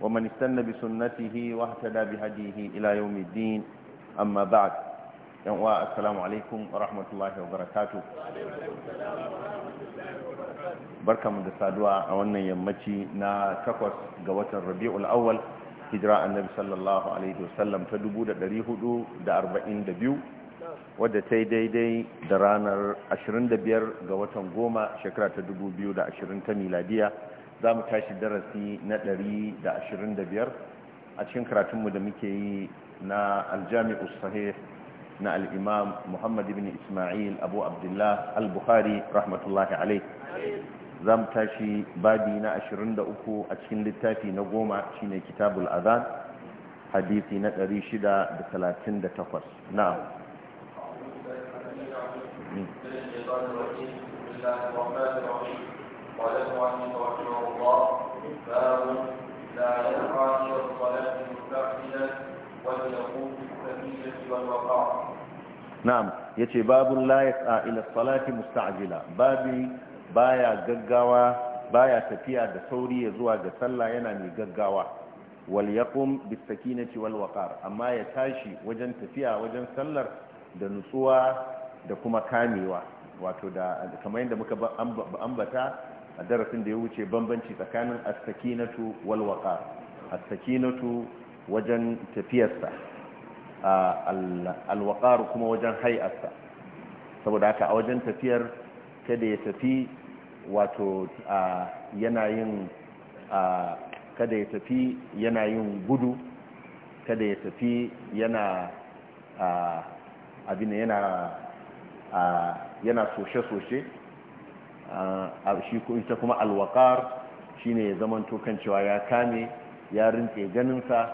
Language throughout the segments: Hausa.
ومن استنى بسنته واهتدى بهديه إلى يوم الدين أما بعد السلام عليكم ورحمة الله وبركاته بركة من السادوة أولنا يمتي نا تقوص قوات الربيع الأول هجراء النبي صلى الله عليه وسلم تدبو دا دريهدو دا أربعين دبيو wadda ta yi daidai da ranar 25 ga watan goma shekara ta 2020 ta miladiya za mu tashi darasi na 125 a cikin karatunmu da muke yi na aljami'u sahih na al'imam muhammad ibn ismail abu abdullah al-bukhari rahmatullahi alai za mu tashi babi na 23 a cikin littafi na goma shine kitabul azan hadisi na 638 na'am بسم الله الرحيم قال المؤلف رحمه الله باب لا يقع الى yace babun la yas'a ila salati musta'jila babi baya gaggawa baya tafiya da sauri ya zuwa ga sallah yana mai gaggawa wal yaqum na sakinati wal waqar amma ya tashi wajen tafiya wajen sallar da nutsuwa da kuma kamewa wato da kamar yadda muka ambata a darasin da ya wuce bambanci tsakanin astakinatu walwaka astakinatu wajen tafiyarsa al kuma wajen hay'arsa saboda haka a wajen tafiyar kada ya tafi wato yanayin kada ya tafi yanayin gudu kada ya tafi yana abin yana yana soshe-soshe a shi ita kuma alwakar shine ya zamanto tokan cewa ya kame ya rintse ganinsa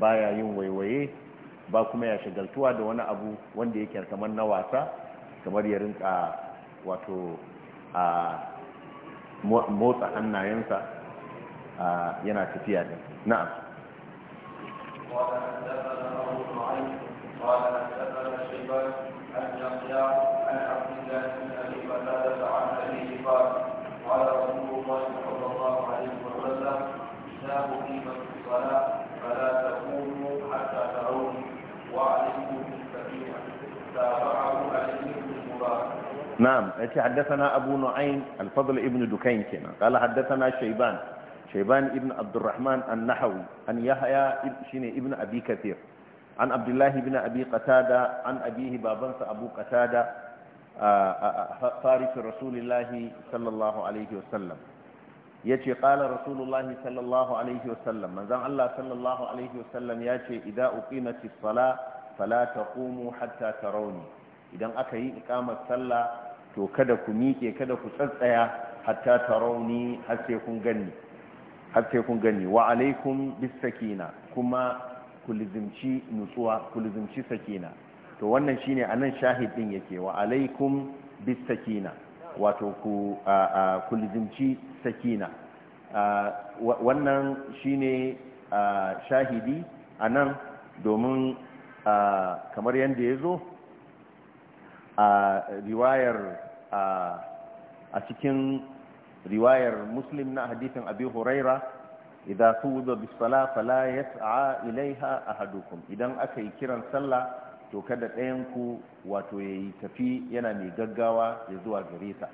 ya yin waiwaye ba kuma ya shagaltuwa da wani abu wanda yake kamar na wasa kamar ya rinka wato a motsa hannayensa yana tafiya da na'am قال حدثنا شيبان عن يحيى عن عبد الله فلا فلا تكونوا حتى تروني وعليكم تابعه المبارك نعم حدثنا أبو نعيم الفضل ابن دكين كنا قال حدثنا شيبان شيبان ابن عبد الرحمن النحوي أن يحيى شين ابن أبي كثير عن عبد الله بن أبي قتادة عن أبيه بابنس أبو قتادة آه، آه، آه، فارس رسول الله صلى الله عليه وسلم ya ce ƙala rasulullahi sallallahu alaihi wasallam manzan Allah sallallahu alaihi wasallam ya ce idan uqimati sala fala taqumu hatta tarawni idan aka yi iqamar sallah to kada ku miƙe kada ku tsatsaya hatta tarawni har sai kun gani har sai kun gani wa alaikum bis sakina kuma ku lizimci nutsuwa ku lizimci sakina to wannan shine anan shahid din yake wa alaikum bis sakina wato ku ku sakina wannan shine shahidi a nan domin kamar yadda ya zo a riwayar a cikin riwayar muslim na hadithin abi huraira idan su wuzo bisala fala ya tsa'a ilaiha a hadukun idan aka yi kiran sallah to kada ɗayan ku wato ya yi tafi yana mai gaggawa ya zuwa gare ta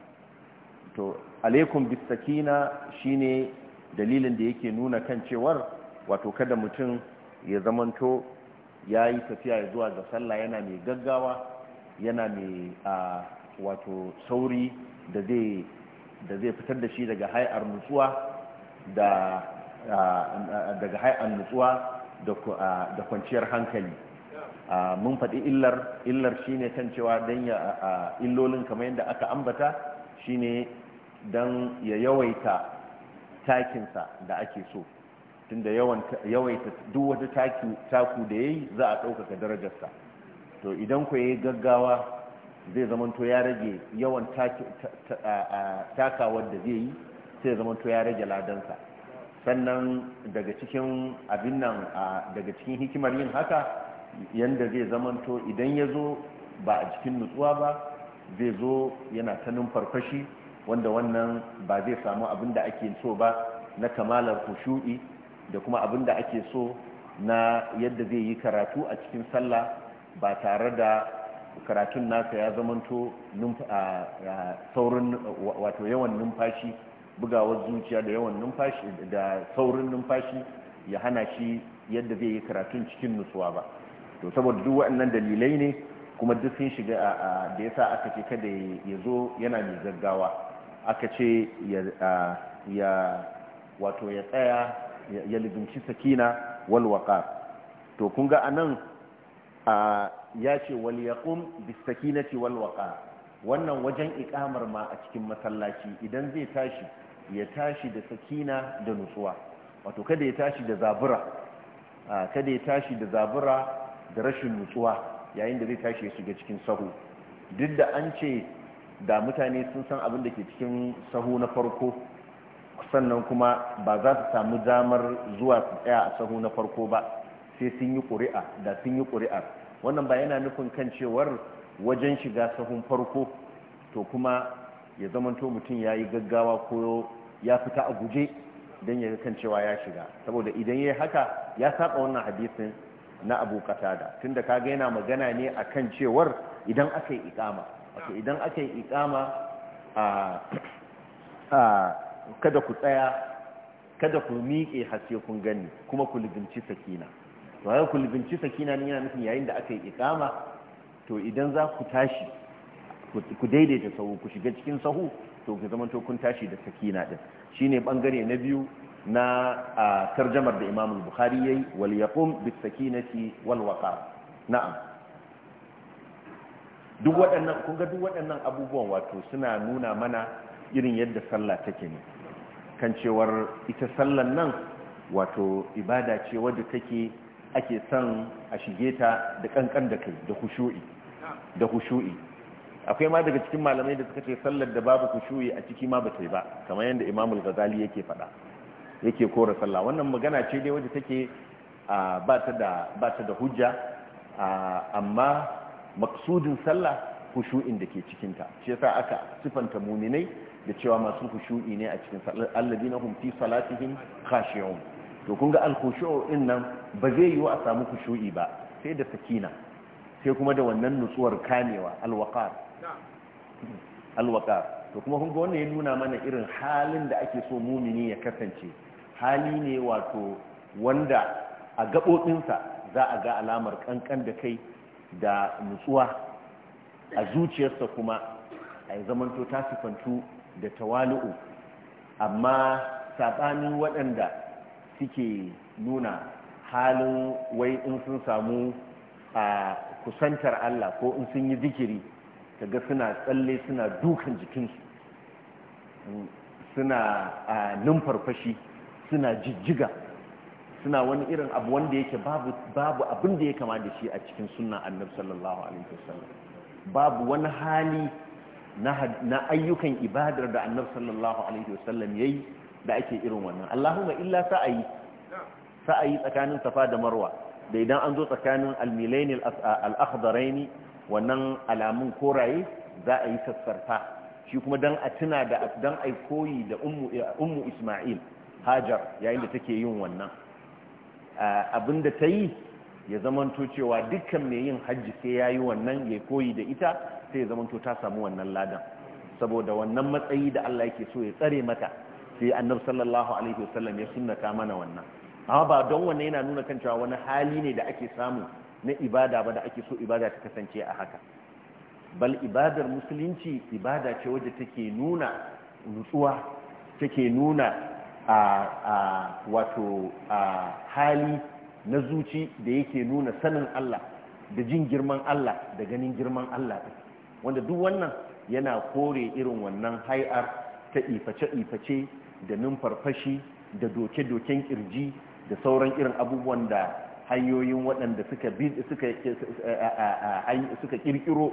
to alaikum bisakina shine dalilin da yake nuna kan cewar wato kada mutum ya zamanto ya yi tafiya ya zuwa ga sallah yana mai gaggawa yana mai wato sauri da zai fitar da shi daga hai'ar nutsuwa da daga hai'ar nutsuwa da kwanciyar hankali mun faɗi illar illar shine kan cewa dan ya illolin kamar yadda aka ambata shine don ya yawaita takinsa da ake so tunda yawaita duk wata taku da yayi za a ɗaukaka darajarsa to idan ku yi gaggawa zai zamanto ya rage yawan takawar da zai yi sai zamanto ya rage ladansa sannan daga cikin abin nan daga cikin hikimar yin haka yanda zai zamanto idan ya zo ba a cikin nutsuwa ba zai zo yana ta numfarfashi wanda wannan ba zai samu abin da ake so ba na kamalar kushu'i da kuma abin da ake so na yadda zai yi karatu a cikin sallah ba tare da karatun nasa ya zamanto saurin wato yawan numfashi bugawar zuciya da yawan numfashi da saurin numfashi ya hana shi yadda zai yi karatun cikin nutsuwa ba to saboda duk waɗannan dalilai ne kuma duk sun shiga da yasa aka ce kada ya zo yana mai gaggawa aka ce ya wato ya tsaya ya lizinci sakina wal waqar to kun ga anan ya ce wal yaqum bis sakinati wal waqar wannan wajen ikamar ma a cikin masallaci idan zai tashi ya tashi da sakina da nutsuwa wato kada ya tashi da zabura kada ya tashi da zabura da rashin nutsuwa yayin da zai tashi ya shiga cikin sahu duk da an ce da mutane sun san abin da ke cikin sahu na farko sannan kuma ba za su samu damar zuwa su tsaya a sahu na farko ba sai sun yi ƙuri'a da sun yi ƙuri'a wannan ba yana nufin kan cewar wajen shiga sahun farko to kuma ya zamanto mutum ya yi gaggawa ko ya fita a guje don ya kan cewa ya shiga saboda idan ya yi haka ya saba wannan hadisin na abu katada tunda kaga yana magana ne a kan cewar idan aka yi ikama idan aka yi ikama kada ku tsaya kada ku miƙe haske kun gani kuma ku libinci sakina to haka ku libinci sakina ne yana nufin yayin da aka yi ikama to idan za ku tashi ku daidaita sahu ku shiga cikin sahu to ku zama to kun tashi da sakina din shine bangare na biyu na a tarjamar da imam bukhari yayi wal yaqum bis sakinati wal waqar na'am duk waɗannan kun ga duk waɗannan abubuwan wato suna nuna mana irin yadda sallah take ne kan cewar ita sallan nan wato ibada ce wadda take ake son a shige ta da kankan da kai da khushu'i da khushu'i akwai ma daga cikin malamai da suka ce sallar da babu khushu'i a ciki ma ba ta yi ba kamar yadda imam al-ghazali yake faɗa yake kora sallah wannan magana ce dai wadda take ba ta da hujja amma maksudin sallah hushu'in da ke cikinta ta shi aka sifanta muminai da cewa masu khushu'i ne a cikin sallah na hum salatihin salatihim to kun ga al nan ba zai yiwu a samu kushu'i ba sai da sakina sai kuma da wannan nutsuwar kamewa alwakar alwakar to kuma kun wannan ya nuna mana irin halin da ake so mumini ya kasance hali ne wato wanda a gaɓoɓinsa za a ga alamar ƙanƙan da kai da nutsuwa a zuciyarsa kuma a yi zamanto ta sifantu da tawali'u amma saɓanin waɗanda suke nuna halin wai in sun samu a kusantar Allah ko in sun yi zikiri ga suna tsalle suna dukan jikinsu suna a fashi. suna jijjiga suna wani irin abu wanda yake babu babu abin da ya kama da shi a cikin sunna annabi sallallahu alaihi wasallam babu wani hali na ayyukan ibadar da annabi sallallahu alaihi wasallam yayi da ake irin wannan Allahumma illa sa'ayi sa'ayi tsakanin safa da marwa da idan an zo tsakanin al-milaini al wannan alamun koraye za a yi sassarfa shi kuma dan a tuna da dan ai koyi da ummu ummu Isma'il hajar yayin da take yin wannan abinda ta yi ya zamanto cewa dukkan mai yin hajji sai ya yi wannan ya koyi da ita sai ya zamanto ta samu wannan ladan saboda wannan matsayi da Allah yake so ya tsare mata sai annabi sallallahu alaihi wasallam ya sunnata mana wannan amma ba don wannan yana nuna kan cewa wani hali ne da ake samu na ibada ba da ake so ibada ta kasance a haka bal ibadar musulunci ibada ce wadda take nuna nutsuwa take nuna a wato hali na zuci da yake nuna sanin Allah da jin girman Allah da ganin girman Allah wanda duk wannan yana kore irin wannan hai'ar ta iface-iface da numfarfashi da doke-doken kirji da sauran irin abubuwan da hanyoyin waɗanda suka suka kirkiro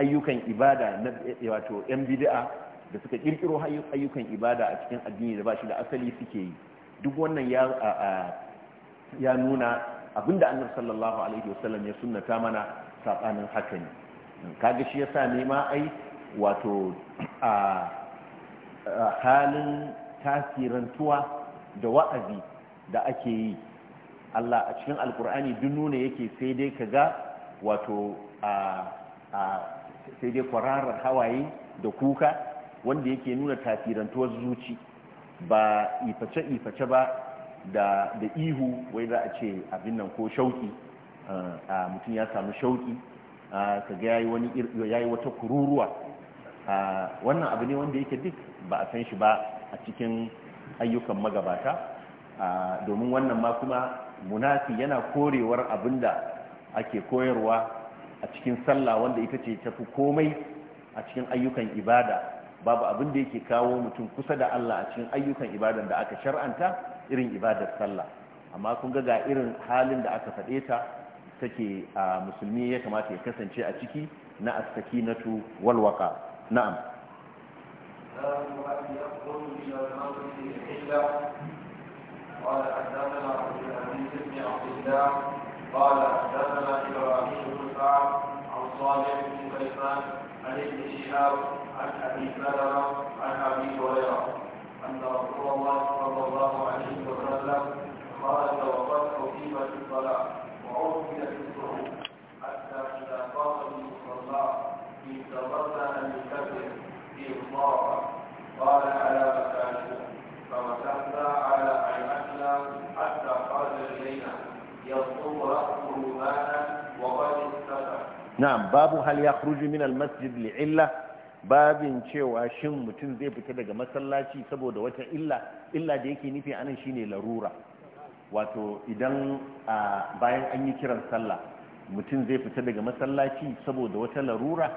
ayyukan ibada na wato yan bid'a da suka kirkiro ayyukan ibada a cikin addini da ba shi da asali suke yi duk wannan ya nuna abinda annabi sallallahu alaihi wasallam ya sunnata mana saɓanin haka ne kaga shi yasa ne ma ai wato a halin tasirantuwa da wa'azi da ake yi Allah a cikin alkur'ani duk nuna yake sai dai kaga wato a sai dai kwararar hawaye da kuka wanda yake nuna tasirantuwar zuci ba iface-iface ba da ihu wai za a ce abin nan ko shauki a mutum ya samu shauki ka ga ya yi wata kururuwa wannan abu ne wanda yake duk ba a san shi ba a cikin ayyukan magabata domin wannan ma kuma munafi yana korewar abin da ake koyarwa a cikin sallah wanda ita ce tafi komai a cikin ayyukan ibada babu abin da yake kawo mutum kusa da Allah a cikin ayyukan ibadar da aka shar'anta irin ibadar sallah amma kun ga irin halin da aka faɗe ta take a musulmi ya kamata ya kasance a ciki na as-sakinatu wal waqa na'am قال حدثنا عبد العزيز بن عبد الله قال حدثنا ابراهيم بن صالح بن كيسان عن ابن شهاب عن ابي سلمه عن ابي هريره ان رسول الله صلى الله عليه وسلم خرج وقد في الصلاه في الصعود حتى اذا قام المصلى ان تبرأ ان يكبر في الصلاه قال على مكانكم فمسحنا على اعمتنا حتى خرج الينا يصب راسه ماذا na'am babu hal ya khruju min al masjid li illa babin cewa shin mutum zai fita daga masallaci saboda wata illa illa da yake nufi anan shine larura wato idan bayan an yi kiran sallah mutum zai fita daga masallaci saboda wata larura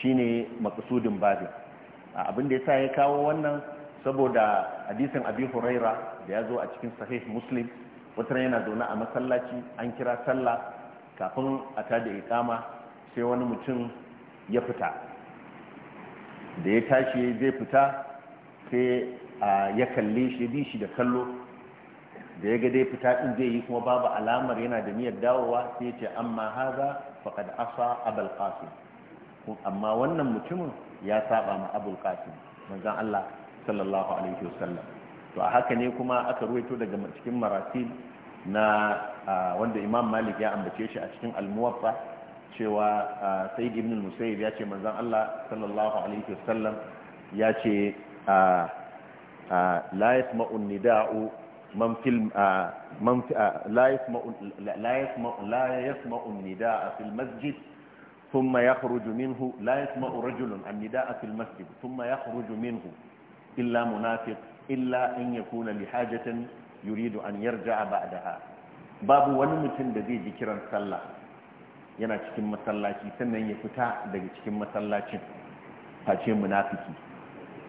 shine makasudin babin abin da yasa ya kawo wannan saboda hadisin abi huraira da ya zo a cikin sahih muslim wata yana zaune a masallaci an kira sallah kafin a tada ikama sai wani mutum ya fita da ya tashi zai fita sai ya kalle shi bi shi da kallo da ya ga dai fita din zai yi kuma babu alamar yana da niyyar dawowa sai ya ce amma haza faqad asa abul qasim amma wannan mutumin ya saba ma abul qasim manzon Allah sallallahu alaihi wasallam to a haka ne kuma aka ruwaito daga cikin marasil na wanda imam malik ya ambace shi a cikin almuwaffa cewa sai ibn musayyib ya ce manzon Allah sallallahu alaihi wasallam ya ce la yasma'u nida'u man fil man la yasma'u la yasma'u la yasma'u nida'a fil masjid ثم يخرج منه لا يسمع رجل النداء في المسجد ثم يخرج منه إلا منافق إلا أن يكون لحاجة يريد أن يرجع babu wani mutum da zai ji kiran sallah yana cikin masallaci sannan ya fita daga cikin masallacin face munafiki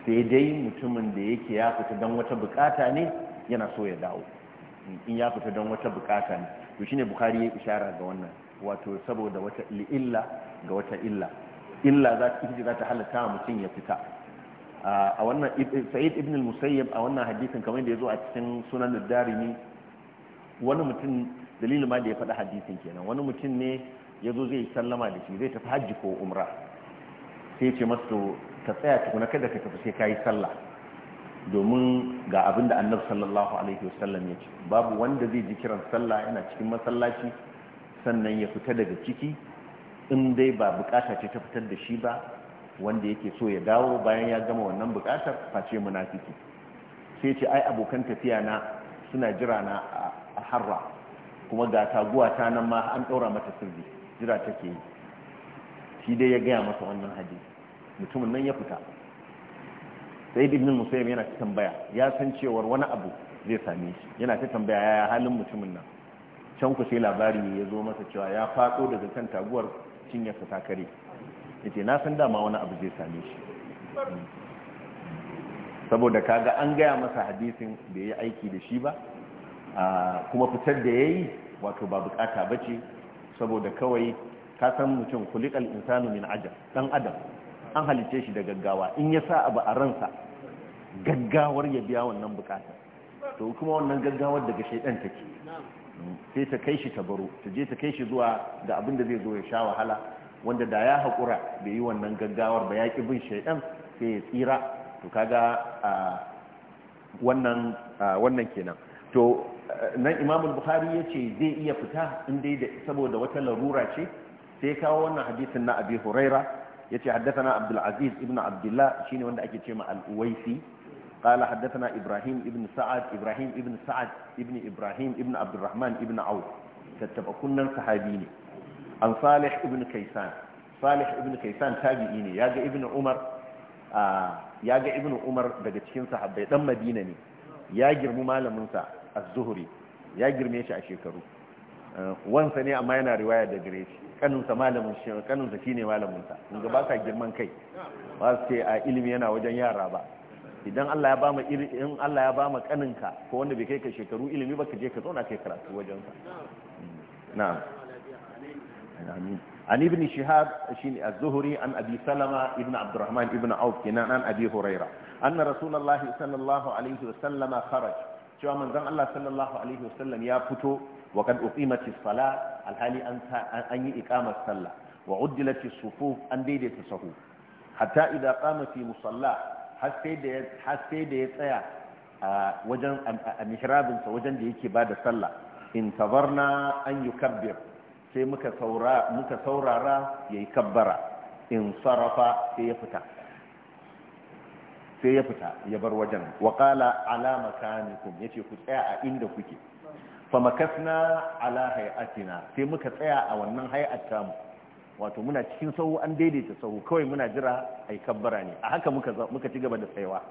sai dai mutumin da yake ya fita don wata bukata ne yana so ya dawo in ya fita don wata bukata ne to shine bukhari ya ishara ga wannan wato saboda wata illa ga wata illa illa za ta fi za ta halatta mutum ya fita a wannan sa'id ibn al-musayyib a wannan hadisin kamar da yazo a cikin sunan ad-darimi wani mutum dalilin ma da ya faɗi hadisin kenan wani mutum ne ya zo zai sallama da shi zai tafi hajji ko umra sai ce masu ka tsaya tukuna kada ka tafi sai ka yi sallah domin ga abin da annabi sallallahu alaihi wasallam ya ce babu wanda zai ji kiran sallah yana cikin masallaci sannan ya fita daga ciki in dai ba bukata ce ta fitar da shi ba wanda yake so ya dawo bayan ya gama wannan bukatar face munafiki sai ce ai abokan tafiya na suna jira na a harra kuma ga taguwa ta nan ma an ɗaura mata sirri jira take yi shi dai ya gaya masa wannan hadisi mutumin nan ya fita sai ibn musayyib yana ta tambaya ya san cewar wani abu zai same shi yana ta tambaya yaya halin mutumin nan can ku sai labari ya zo masa cewa ya faɗo daga kan taguwar cinyarsa ta kare yace na san dama wani abu zai same shi saboda kaga an gaya masa hadisin da ya aiki da shi ba kuma fitar da ya yi wato ba bukata ba ce saboda kawai ka san mutum kulikal insanu min ajab dan adam an halice shi da gaggawa in ya sa abu a ransa gaggawar ya biya wannan bukata to kuma wannan gaggawar daga shaidan take mm, sai ta kai shi ta baro ta je ta kai shi zuwa ga abin da zai zo ya sha wahala wanda da ya haƙura bai yi wannan gaggawar ba ya ƙi bin shaidan sai ya tsira to kaga wannan kenan to nan imamul bukhari ya ce zai iya fita in saboda wata larura ce sai kawo wannan hadisin na abi huraira ya ce haddathana abdulaziz ibn abdullah shi ne wanda ake ce ma al-uwaisi قال حدثنا Ibrahim Ibn Sa'ad إبراهيم Ibn سعد Ibn إبراهيم Ibn عبد الرحمن sahabi ne an salih ibn kaisan salih ibn kaisan tabi'i ne ya ga ibn umar ah, ya ga ibn umar daga cikin sahabbai dan Madina ne ya girmu malamin sa az-zuhri ya girme shi a shekaru eh, wansa ne amma yana riwaya da gare shi kanunsa malamin shi kanunsa shine malamin sa kun ga ba ka girman kai ba su ce a ilimi yana wajen yara ba idan Allah ya bama in Allah ya bama kaninka ko wanda bai kai ka shekaru ilimi ba ka je ka zauna kai karatu wajen sa hmm. na'am an ibn shihab shine az-zuhri an abi salama ibn abdurrahman ibn auf kenan an abi huraira anna rasulullahi sallallahu alaihi wa sallama kharaja cewa manzon Allah sallallahu alaihi wasallam ya fito wa kad uqimati sala alhali an an yi iqamar sallah wa uddilati sufuf an daidaita sahu hatta idza qama fi musalla har sai da har sai da ya tsaya a wajen mihrabin sa wajen da yake bada sallah in tabarna an yukabbir sai muka saurara muka saurara yayi kabbara in sarafa sai ya fita sai ya fita ya bar wajen wa qala ala ya ce ku tsaya a inda kuke fa makasna ala hay'atina sai muka tsaya a wannan hay'at tamu wato muna cikin sahu an daidaita sahu kawai muna jira a yi kabbara ne a haka muka ci gaba da tsayawa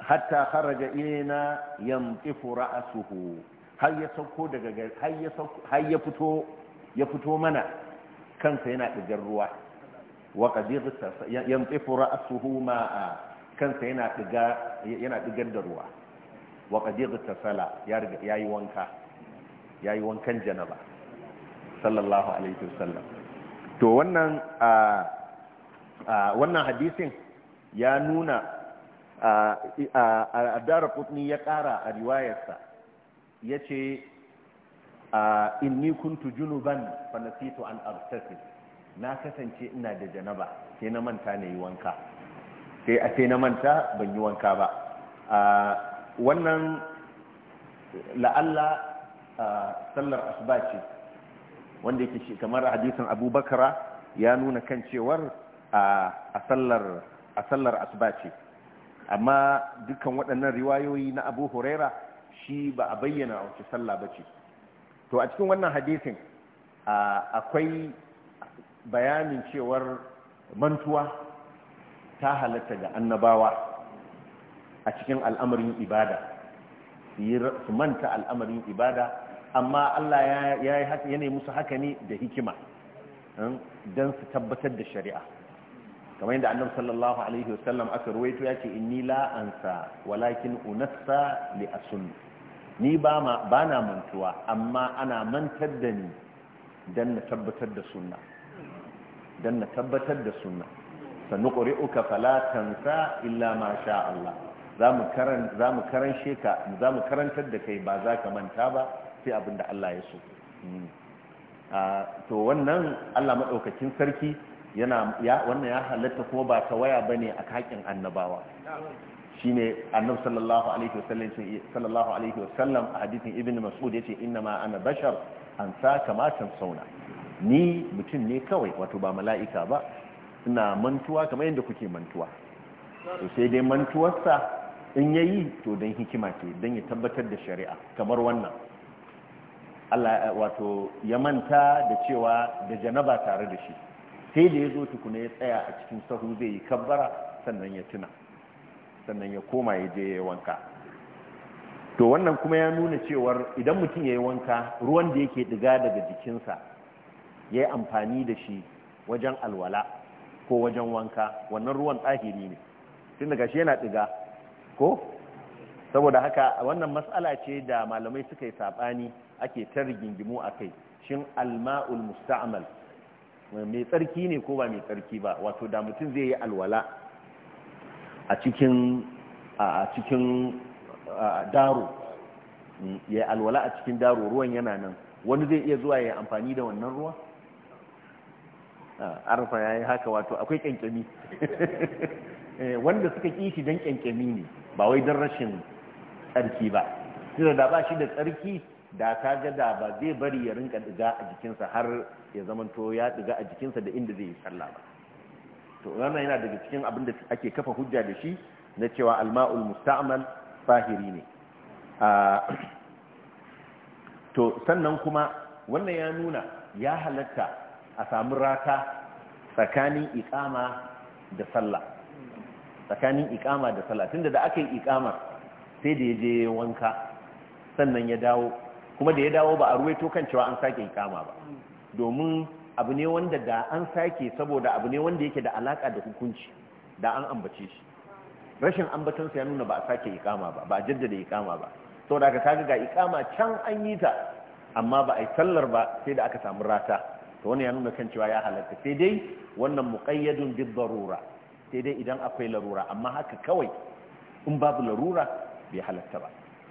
hatta kharaja ilaina yamtifu ra'suhu har ya sauko daga har ya har ya fito ya fito mana kansa yana digar ruwa wa qad yamtifu ra'suhu ma'a kansa yana diga yana digar da ruwa wa qad yaghtasala ya riga yayi wanka yayi wankan janaba sallallahu alaihi wasallam to wannan a wannan hadisin ya nuna a dara kutni ya kara a riwayarsa ya ce inni kuntu junuban nasitu an abtasil na kasance ina da janaba sai na manta na yi wanka sai a sai na manta ban yi wanka ba wannan la'alla sallar asuba ce wanda yake shi kamar hadisin abubakara ya nuna kan cewar a sallar asuba ce amma dukkan waɗannan riwayoyi na abu huraira shi ba a bayyana wace sallah ba ce to a cikin wannan hadisin akwai bayanin cewar mantuwa ta halatta ga annabawa a cikin al'amarin ibada su manta al'amarin ibada amma Allah ya yi musu haka ne da hikima hmm, don su tabbatar da shari'a kamar yadda annabi sallallahu alaihi wasallam aka ruwaito ya ce inni la walakin unassa li asun ni ba na bana mantuwa amma ana mantar da ni don na tabbatar da sunna na tabbatar da sunna sanuqri'uka fala tansa illa ma sha Allah zamu karan zamu karan sheka zamu karantar da kai ba za ka manta ba sai abinda Allah ya so hmm. ah, to wannan Allah madaukakin sarki yana wannan ya halatta kuma ba ta waya bane a kakin annabawa shine annabi sallallahu alaihi wasallam sallallahu alaihi wasallam a hadithin ibnu mas'ud yace inna ma ana bashar an sa kamatan sauna ni mutum ne kawai wato ba mala'ika ba suna mantuwa kamar yadda kuke mantuwa to sai dai mantuwarsa in ya yi to don hikima ke don ya tabbatar da shari'a kamar wannan Allah wato ya manta da cewa da janaba tare da shi sai da ya zo tukuna ya tsaya a cikin sahu zai yi kabbara sannan ya tuna sannan ya koma ya je ya wanka to wannan kuma ya nuna cewar idan mutum ya yi wanka ruwan da yake diga daga jikinsa ya yi amfani da shi wajen alwala ko wajen wanka wannan ruwan tsahiri ne tun daga shi yana ɗiga ko saboda haka wannan matsala ce da malamai suka yi saɓani ake ta rigingimu a kai shin alma'ul musta'amal mai tsarki ne ko ba mai tsarki ba wato da mutum zai yi alwala a cikin daro mm, ya alwala a cikin daro ruwan yana nan wani zai iya zuwa ya amfani da wannan ruwan Ah, arfa ya yi haka wato akwai kyankyami eh, wanda suka kishi shi don kyankyami ne ba wai don rashin tsarki ba tunda da ba shi da tsarki da ta ga da ba zai bari ya rinka diga a jikinsa har ya zamanto ya diga a jikinsa da inda zai yi sallah ba to wannan yana daga cikin abin da ake kafa hujja da shi na cewa alma'ul musta'mal fahiri ne ah, to sannan kuma wannan ya nuna ya halatta a samu rata tsakanin iƙama da sallah tsakanin ikama da sallah tunda da aka yi ikama sai da ya je wanka sannan ya dawo kuma da ya dawo ba a ruwaito kan cewa an sake ikama ba domin abu ne wanda da an sake saboda abu ne wanda yake da alaka da hukunci da an ambace shi rashin ambatansa ya nuna ba a sake ikama ba ba a jaddada ikama ba saboda aka kaga ga ikama can an yi ta amma ba a yi sallar ba sai da aka samu rata to wannan ya nuna kan cewa ya halatta sai dai wannan muqayyadun bid darura sai dai idan akwai larura amma haka kawai in babu larura bai halatta ba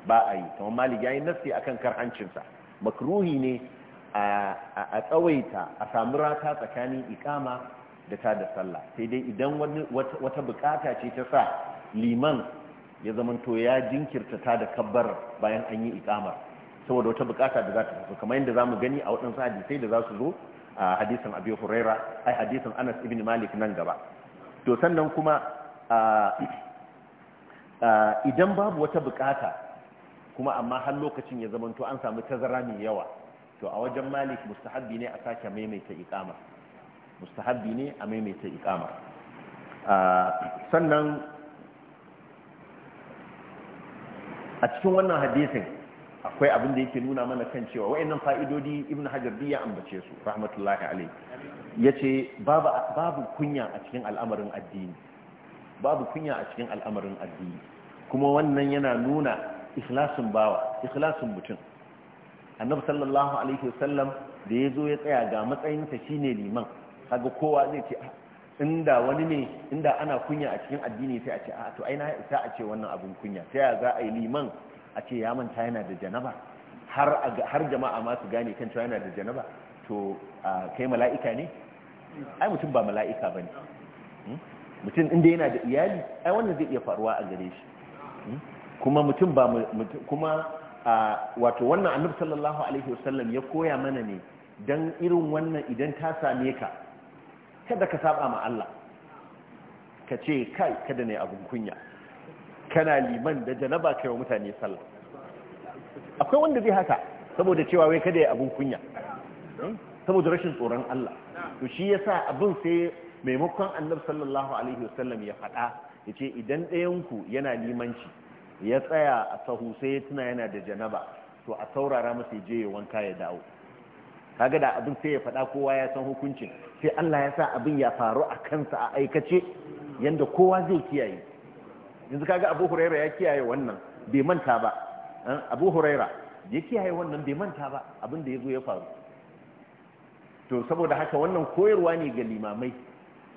ba a yi kamar malik yayi nasi akan karhancinsa makruhi ne a tsawaita a samu rata tsakanin ikama da ta da sallah sai dai idan wata bukata ce ta sa liman ya zamanto ya jinkirta ta da kabbar bayan an yi ikamar saboda wata bukata da za ta kamar yadda za mu gani a waɗansu hadisai da za su zo A hadisin abu huraira ai hadisin anas ibn malik nan gaba to sannan kuma idan babu wata bukata kuma amma har lokacin ya zama, to an samu tazara mai yawa to a wajen malik mustahabbi ne a sake maimaita iqama mustahabbi ne a maimaita iqama sannan a cikin wannan hadisin akwai abin da yake nuna mana kan cewa wayannan fa'idodi ibnu hajar ya ambace su rahmatullahi alayhi yace babu babu kunya a cikin al'amarin addini babu kunya a cikin al'amarin addini kuma wannan yana nuna ikhlasin bawa ikhlasin mutum annabi sallallahu alaihi wasallam da yazo ya tsaya ga matsayinsa shine liman kaga kowa zai ce ah, inda wani ne inda ana kunya a cikin addini sai a ce a ah, to ai na a ce wannan abun kunya sai ya za a yi liman a ce ya manta yana da janaba har jama'a masu gane kan cewa yana da janaba to kai mala'ika ne ai mutum ba mala'ika ba ne hmm? mutum inda yana da iyali ai wannan zai iya faruwa a gare shi hmm? kuma mutum ba kuma wato wannan annabi sallallahu alaihi wasallam ya koya mana ne dan irin wannan idan ta same ka kada ka saba ma Allah ka ce kai kada ne abun kunya kana liman da janaba kai wa mutane sallah akwai wanda zai haka saboda cewa wai kada ya abun kunya hmm? saboda rashin tsoron Allah to shi yasa abin sai maimakon annabi sallallahu alaihi wasallam ya fada yace idan ɗayan ku yana limanci ya tsaya a sahu sai ya tuna yana da janaba to a saurara masa je ya wanka ya dawo kaga da abin sai ya fada kowa ya san hukuncin sai Allah ya sa abin ya faru a kansa a aikace yanda kowa zai kiyaye yanzu kaga abu huraira ya kiyaye wannan bai manta ba eh, abu huraira ya kiyaye wannan bai manta ba abinda da ya zo ya faru to saboda haka wannan koyarwa ne ga limamai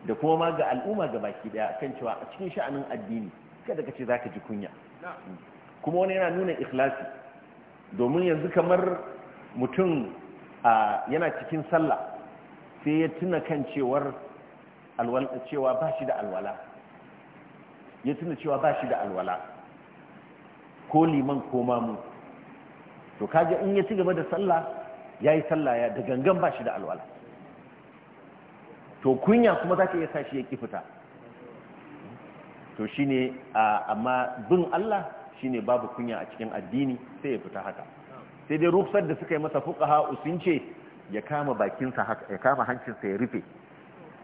da kuma ma ga al'umma ga baki daya kan cewa a cikin sha'anin addini kada ka ce za ka ji kunya kuma wani yana nuna ikhlasi domin yanzu kamar mutum yana cikin sallah sai ya tuna kan cewar cewa ba shi da alwala ya tuna cewa ba shi da alwala ko liman ko mamu to kaje in ya ci gaba da sallah ya yi sallah ya da gangan ba shi da alwala to kunya kuma za ka iya sa shi ya ƙi fita to shi amma bin Allah shi babu kunya a cikin addini sai ya fita haka sai dai rufsar da suka yi masa fuka usun ce ya kama bakinsa haka ya kama hancinsa ya rufe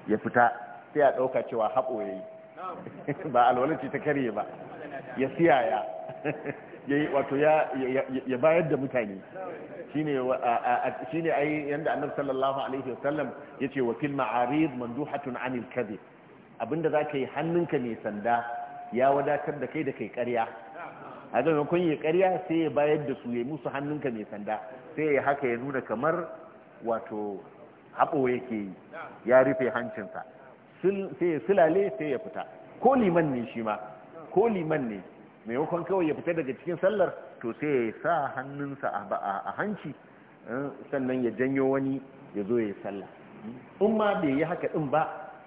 ya fita sai a ɗauka cewa haƙo ya yi ba alwalaci ta karye ba ya siyaya wato ya bayar da mutane shine a yi yadda annabi sallallahu alaihi wasallam yace wa fil ma'arid manduhatun anil kadhib abinda zaka yi hannunka mai sanda ya wadatar da kai da kai karya a ga kun yi karya sai ya bayar da su ya musu hannunka mai sanda sai ya haka ya nuna kamar wato haɓo yake yi ya rufe hancinsa sai ya silale sai ya fita ko liman ne shi ma ko liman ne maimakon kawai ya fita daga cikin sallar to sai ya sa hannunsa a hanci eh, sannan ya janyo wani ya zo ya yi sallah in ma bai yi haka ɗin ba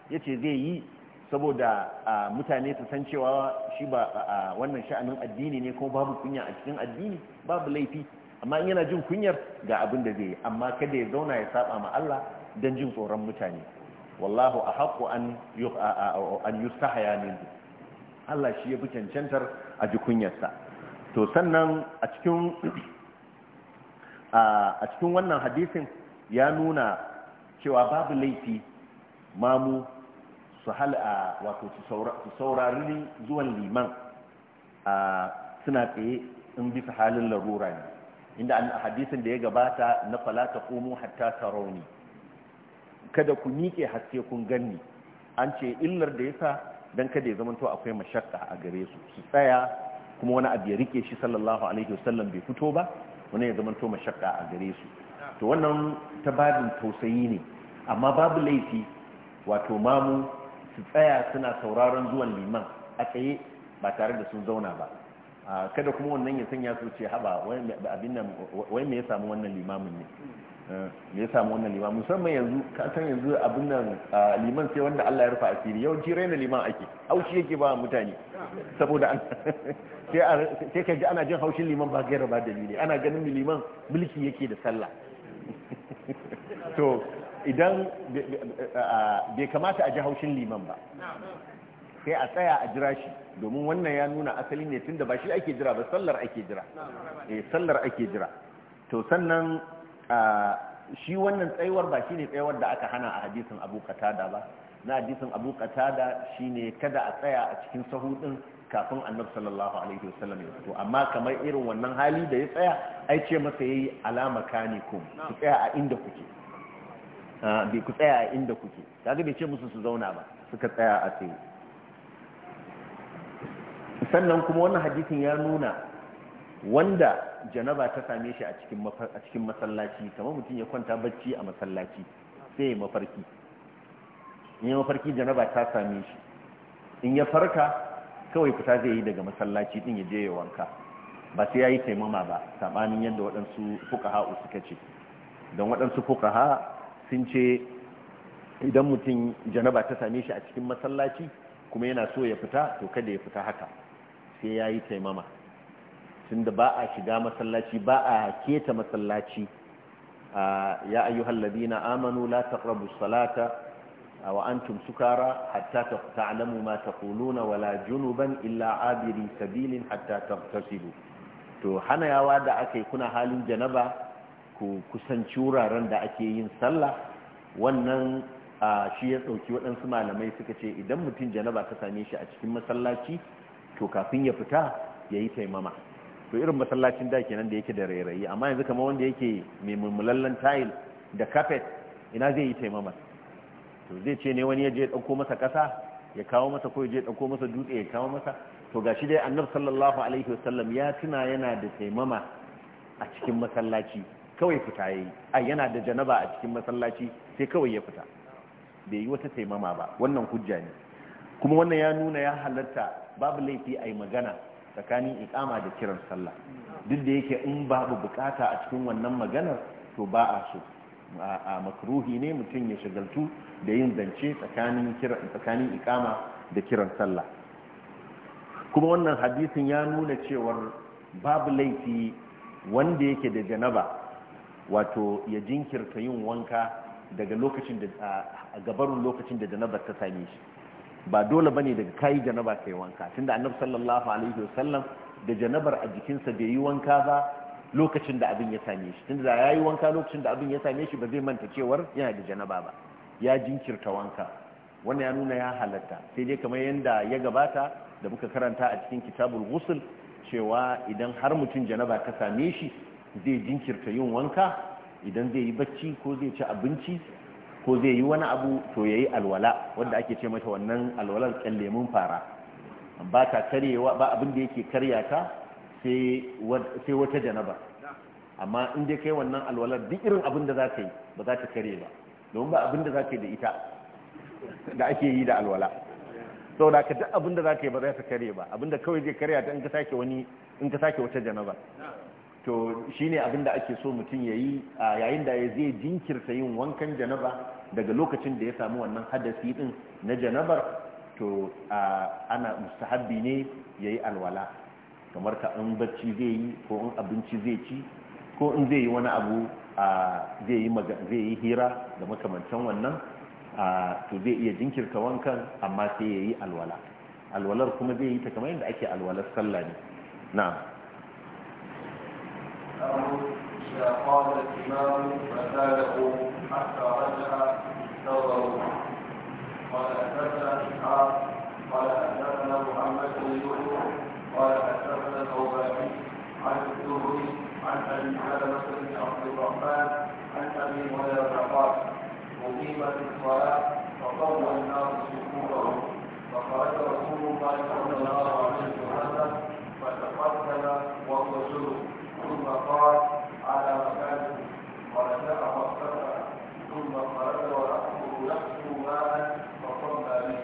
ya ce zai yi saboda mutane su san cewa shi ba wannan sha'anin addini ne kuma babu kunya a cikin addini babu laifi amma yana jin kunyar ga abin da zai yi amma kada ya zauna ya saba ma Allah don jin tsoron mutane wallahu a haƙo an ta hayanin min Allah shi ya fi cancantar a jikunyarsa to sannan a cikin wannan hadisin ya nuna cewa babu laifi mamu su hal'a wato su saurari zuwan liman a suna tsaye in bisa halin larura ne inda a hadisin da ya gabata na falata komo hatta tarauni kada ku miƙe haske kun ganni an ce illar da yasa dan kada ya zamanto akwai mashakka a gare su su tsaya kuma wani abu ya rike shi sallallahu alaihi wasallam bai fito ba wani ya zamanto mashakka a gare su to wannan ta babin tausayi ne amma babu laifi wato mamu su tsaya suna sauraron zuwan liman a tsaye ba tare da sun zauna ba kada kuma wannan ya sanya su ce haba wai me ya samu wannan limamin ne eh, me ya samu wannan limamin musamman yanzu ka san yanzu abin nan liman sai wanda Allah ya rufa asiri yawanci raina liman ake haushi yake ba mutane saboda an sai ka ji ana jin haushin liman ba gaira ba dalili ana ganin liman mulki yake da sallah to idan bai kamata a ji haushin liman ba sai a tsaya a jira shi domin wannan ya nuna asali ne tunda ba shi ake jira ba sallar ake jira eh sallar ake jira to sannan shi wannan tsayuwar ba shi ne tsayuwar da aka hana a hadisin Abu Qatada ba na hadisin Abu Qatada shine kada a tsaya a cikin sahu din kafin Annabi sallallahu alaihi wasallam ya fito amma kamar irin wannan hali da ya tsaya ai ce masa yayi alama kanikum ku tsaya a inda kuke bai ku tsaya a inda kuke kaga bai ce musu su zauna ba suka tsaya a tsaye sannan kuma wannan hadisin ya nuna wanda janaba ta same shi a cikin masallaci kamar mutum ya kwanta bacci a masallaci sai ya mafarki in ya mafarki janaba ta same shi in ya farka kawai fita zai yi daga masallaci din ya je ya wanka ba sai ya yi taimama ba saɓanin yadda waɗansu fukaha suka ce don waɗansu fukaha sun ce idan mutum janaba ta same shi a cikin masallaci kuma yana so ya fita to kada ya fita haka sai ya yi taimama tunda ba a shiga masallaci ba a keta masallaci ya ayyuhal na amanu la taqrabu salata a antum sukara hatta ta'lamu ma taquluna wala junuban illa abiri sabilin hatta taghtasilu to hana yawa da ake kuna halin janaba ku kusanci wuraren da ake yin sallah wannan shi ya dauki waɗansu malamai suka ce idan mutum janaba ta same shi a cikin masallaci to kafin ya fita ya yi taimama to irin masallacin da nan da yake da rairayi amma yanzu kama wanda yake mai mulmulallen tile da carpet ina zai yi taimama to zai ce ne wani ya je ɗauko masa ƙasa ya kawo masa ko ya je ɗauko masa dutse ya kawo masa to ga shi dai annabi sallallahu alaihi wasallam ya tuna yana da taimama a cikin masallaci kawai fita yayi a yana da janaba a cikin masallaci sai kawai ya fita bai yi wata taimama ba wannan hujja ne kuma wannan ya nuna ya halatta babu laifi a yi magana tsakanin ikama da kiran sallah duk da yake in babu bukata a cikin wannan maganar to ba a so a makruhi ne mutum ya shagaltu da yin zance tsakanin ikama da kiran sallah kuma wannan hadisin ya nuna cewar babu laifi wanda yake da janaba wato ya jinkirta yin wanka daga lokacin da a gabarun lokacin da janabar ta same shi ba dole bane daga kayi janaba kai wanka tunda annabi sallallahu alaihi wasallam da janabar a jikinsa bai yi wanka ba lokacin da abin ya same shi tunda ya yi wanka lokacin da abin ya same shi ba zai manta cewar yana da janaba ba ya jinkirta wanka wannan ya nuna ya halatta sai dai kamar yadda ya gabata da muka karanta a cikin kitabul ghusl cewa idan har mutum janaba ta same shi zai jinkirta yin wanka idan zai yi bacci ko zai ci abinci ko zai yi wani abu to ya yi alwala wanda ake ce mata wannan alwalar kan lemun fara ba ta karyewa ba abin da yake karya ta sai wata janaba amma in dai kai wannan alwalar duk irin abin da za ka yi ba za ta karye ba domin ba abin da za ka yi da ita da ake yi da alwala sau da ka duk abin da za ka yi ba za ta karye ba abin da kawai zai karya ta in ka sake wani in ka sake wata janaba to shi ne abin da ake so mutum ya yi a yayin da ya zai jinkirta yin wankan janaba daga lokacin da ya samu wannan hadasi din na janabar to ana mustahabbi ne ya yi alwala kamar ka in bacci zai yi ko in abinci zai ci ko in zai yi wani abu zai yi hira da makamancin wannan to zai iya jinkirta wankan amma sai ya yi alwala alwalar kuma zai yi ta kamar yadda ake alwalar sallah ne na'am أو إذا قال الإمام فزاله حتى رجع نظره قال حدثنا إسحاق قال حدثنا محمد بن يوسف قال حدثنا الأوباني عن الزهري عن أبي سلمة بن عبد الرحمن عن أبي هريرة قال أقيمت الصلاة فطوى الناس سكوتهم فخرج رسول الله صلى الله عليه وسلم ثم قال على مكانه ورجع مقتدى ثم خرج ورأسه فصلى به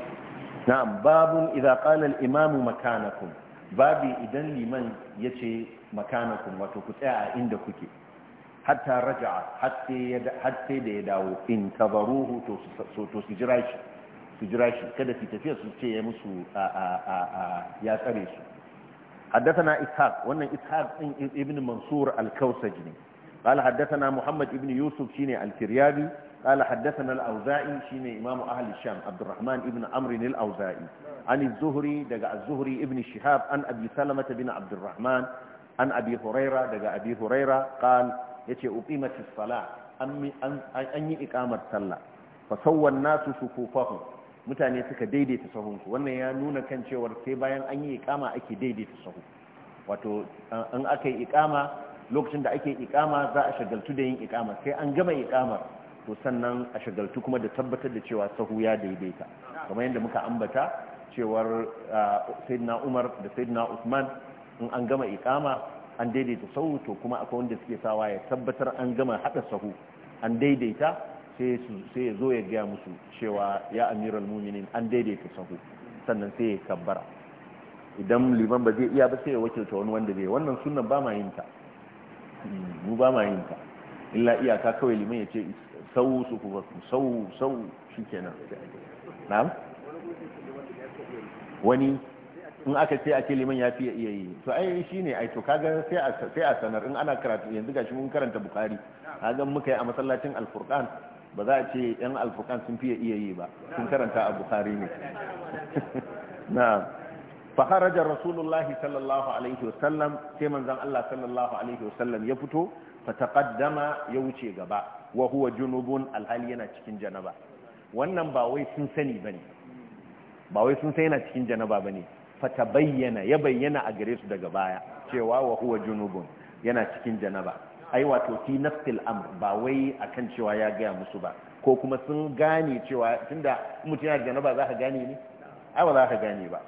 نعم باب إذا قال الإمام مكانكم babi idan liman ya ce makanakun wato ku tsaya a inda kuke hatta raja'a har sai da ya dawo in tabaruhu to su jira shi kada ki tafiya su ce ya musu ya tsare su حدثنا إسحاق وأن إسحاق ابن منصور الكوسجني قال حدثنا محمد ابن يوسف شيني الكريابي قال حدثنا الأوزائي شيني إمام أهل الشام عبد الرحمن ابن عمرو الأوزائي عن الزهري دقى الزهري ابن الشهاب عن أبي سلمة بن عبد الرحمن عن أبي هريرة دقى أبي هريرة قال يتي أقيمت الصلاة أني إقامة صلاة فسوى الناس صفوفهم mutane suka daidaita sahunsu wannan ya nuna kan cewar sai bayan an yi ikama ake daidaita sahu wato eh, in aka yi ikama lokacin da ake ikama za a shagaltu da yin ikama sai an gama ikama to sannan a shagaltu kuma da tabbatar da cewa sahu ya daidaita kamar yadda muka ambata cewar eh, sayyidina umar da sayyidina usman in an gama ikama an daidaita sahu to kuma akwai wanda suke sawa ya tabbatar an gama haɗa sahu an daidaita sai ya zo ya gaya musu cewa ya amiral muminin an daidaita sahu sannan sai ya kabbara idan liman ba zai iya ba sai ya wakilta wani wanda zai wannan sunan ba ma yin ta mu ba ma yin ta illa iyaka kawai liman ya ce sau su kuma sau sau shi kenan na'am wani in aka ce ake liman ya fi iya yi to ai shi ne ai to kaga sai a sanar in ana karatu yanzu gashi mun karanta bukari kaga muka yi a masallacin alfurkan. ba za a ce yan alfukan sun fiye iya yi ba sun karanta a bukhari ne na faharajar rasulullah sallallahu alaihi wasallam sai manzan allah sallallahu alaihi wasallam ya fito fataqaddama ya wuce gaba wa huwa junubun alhali yana cikin janaba wannan ba wai sun sani ba ne ba wai sun sani yana cikin janaba ba ne bane fatabayyana ya bayyana a gare su daga baya cewa wa huwa junubun yana cikin janaba ai wato fi nafsil amr ba wai akan cewa ya gaya musu ba ko kuma sun gane cewa tunda mutum yana da ba za ka gane ne ai ba za ka gane ba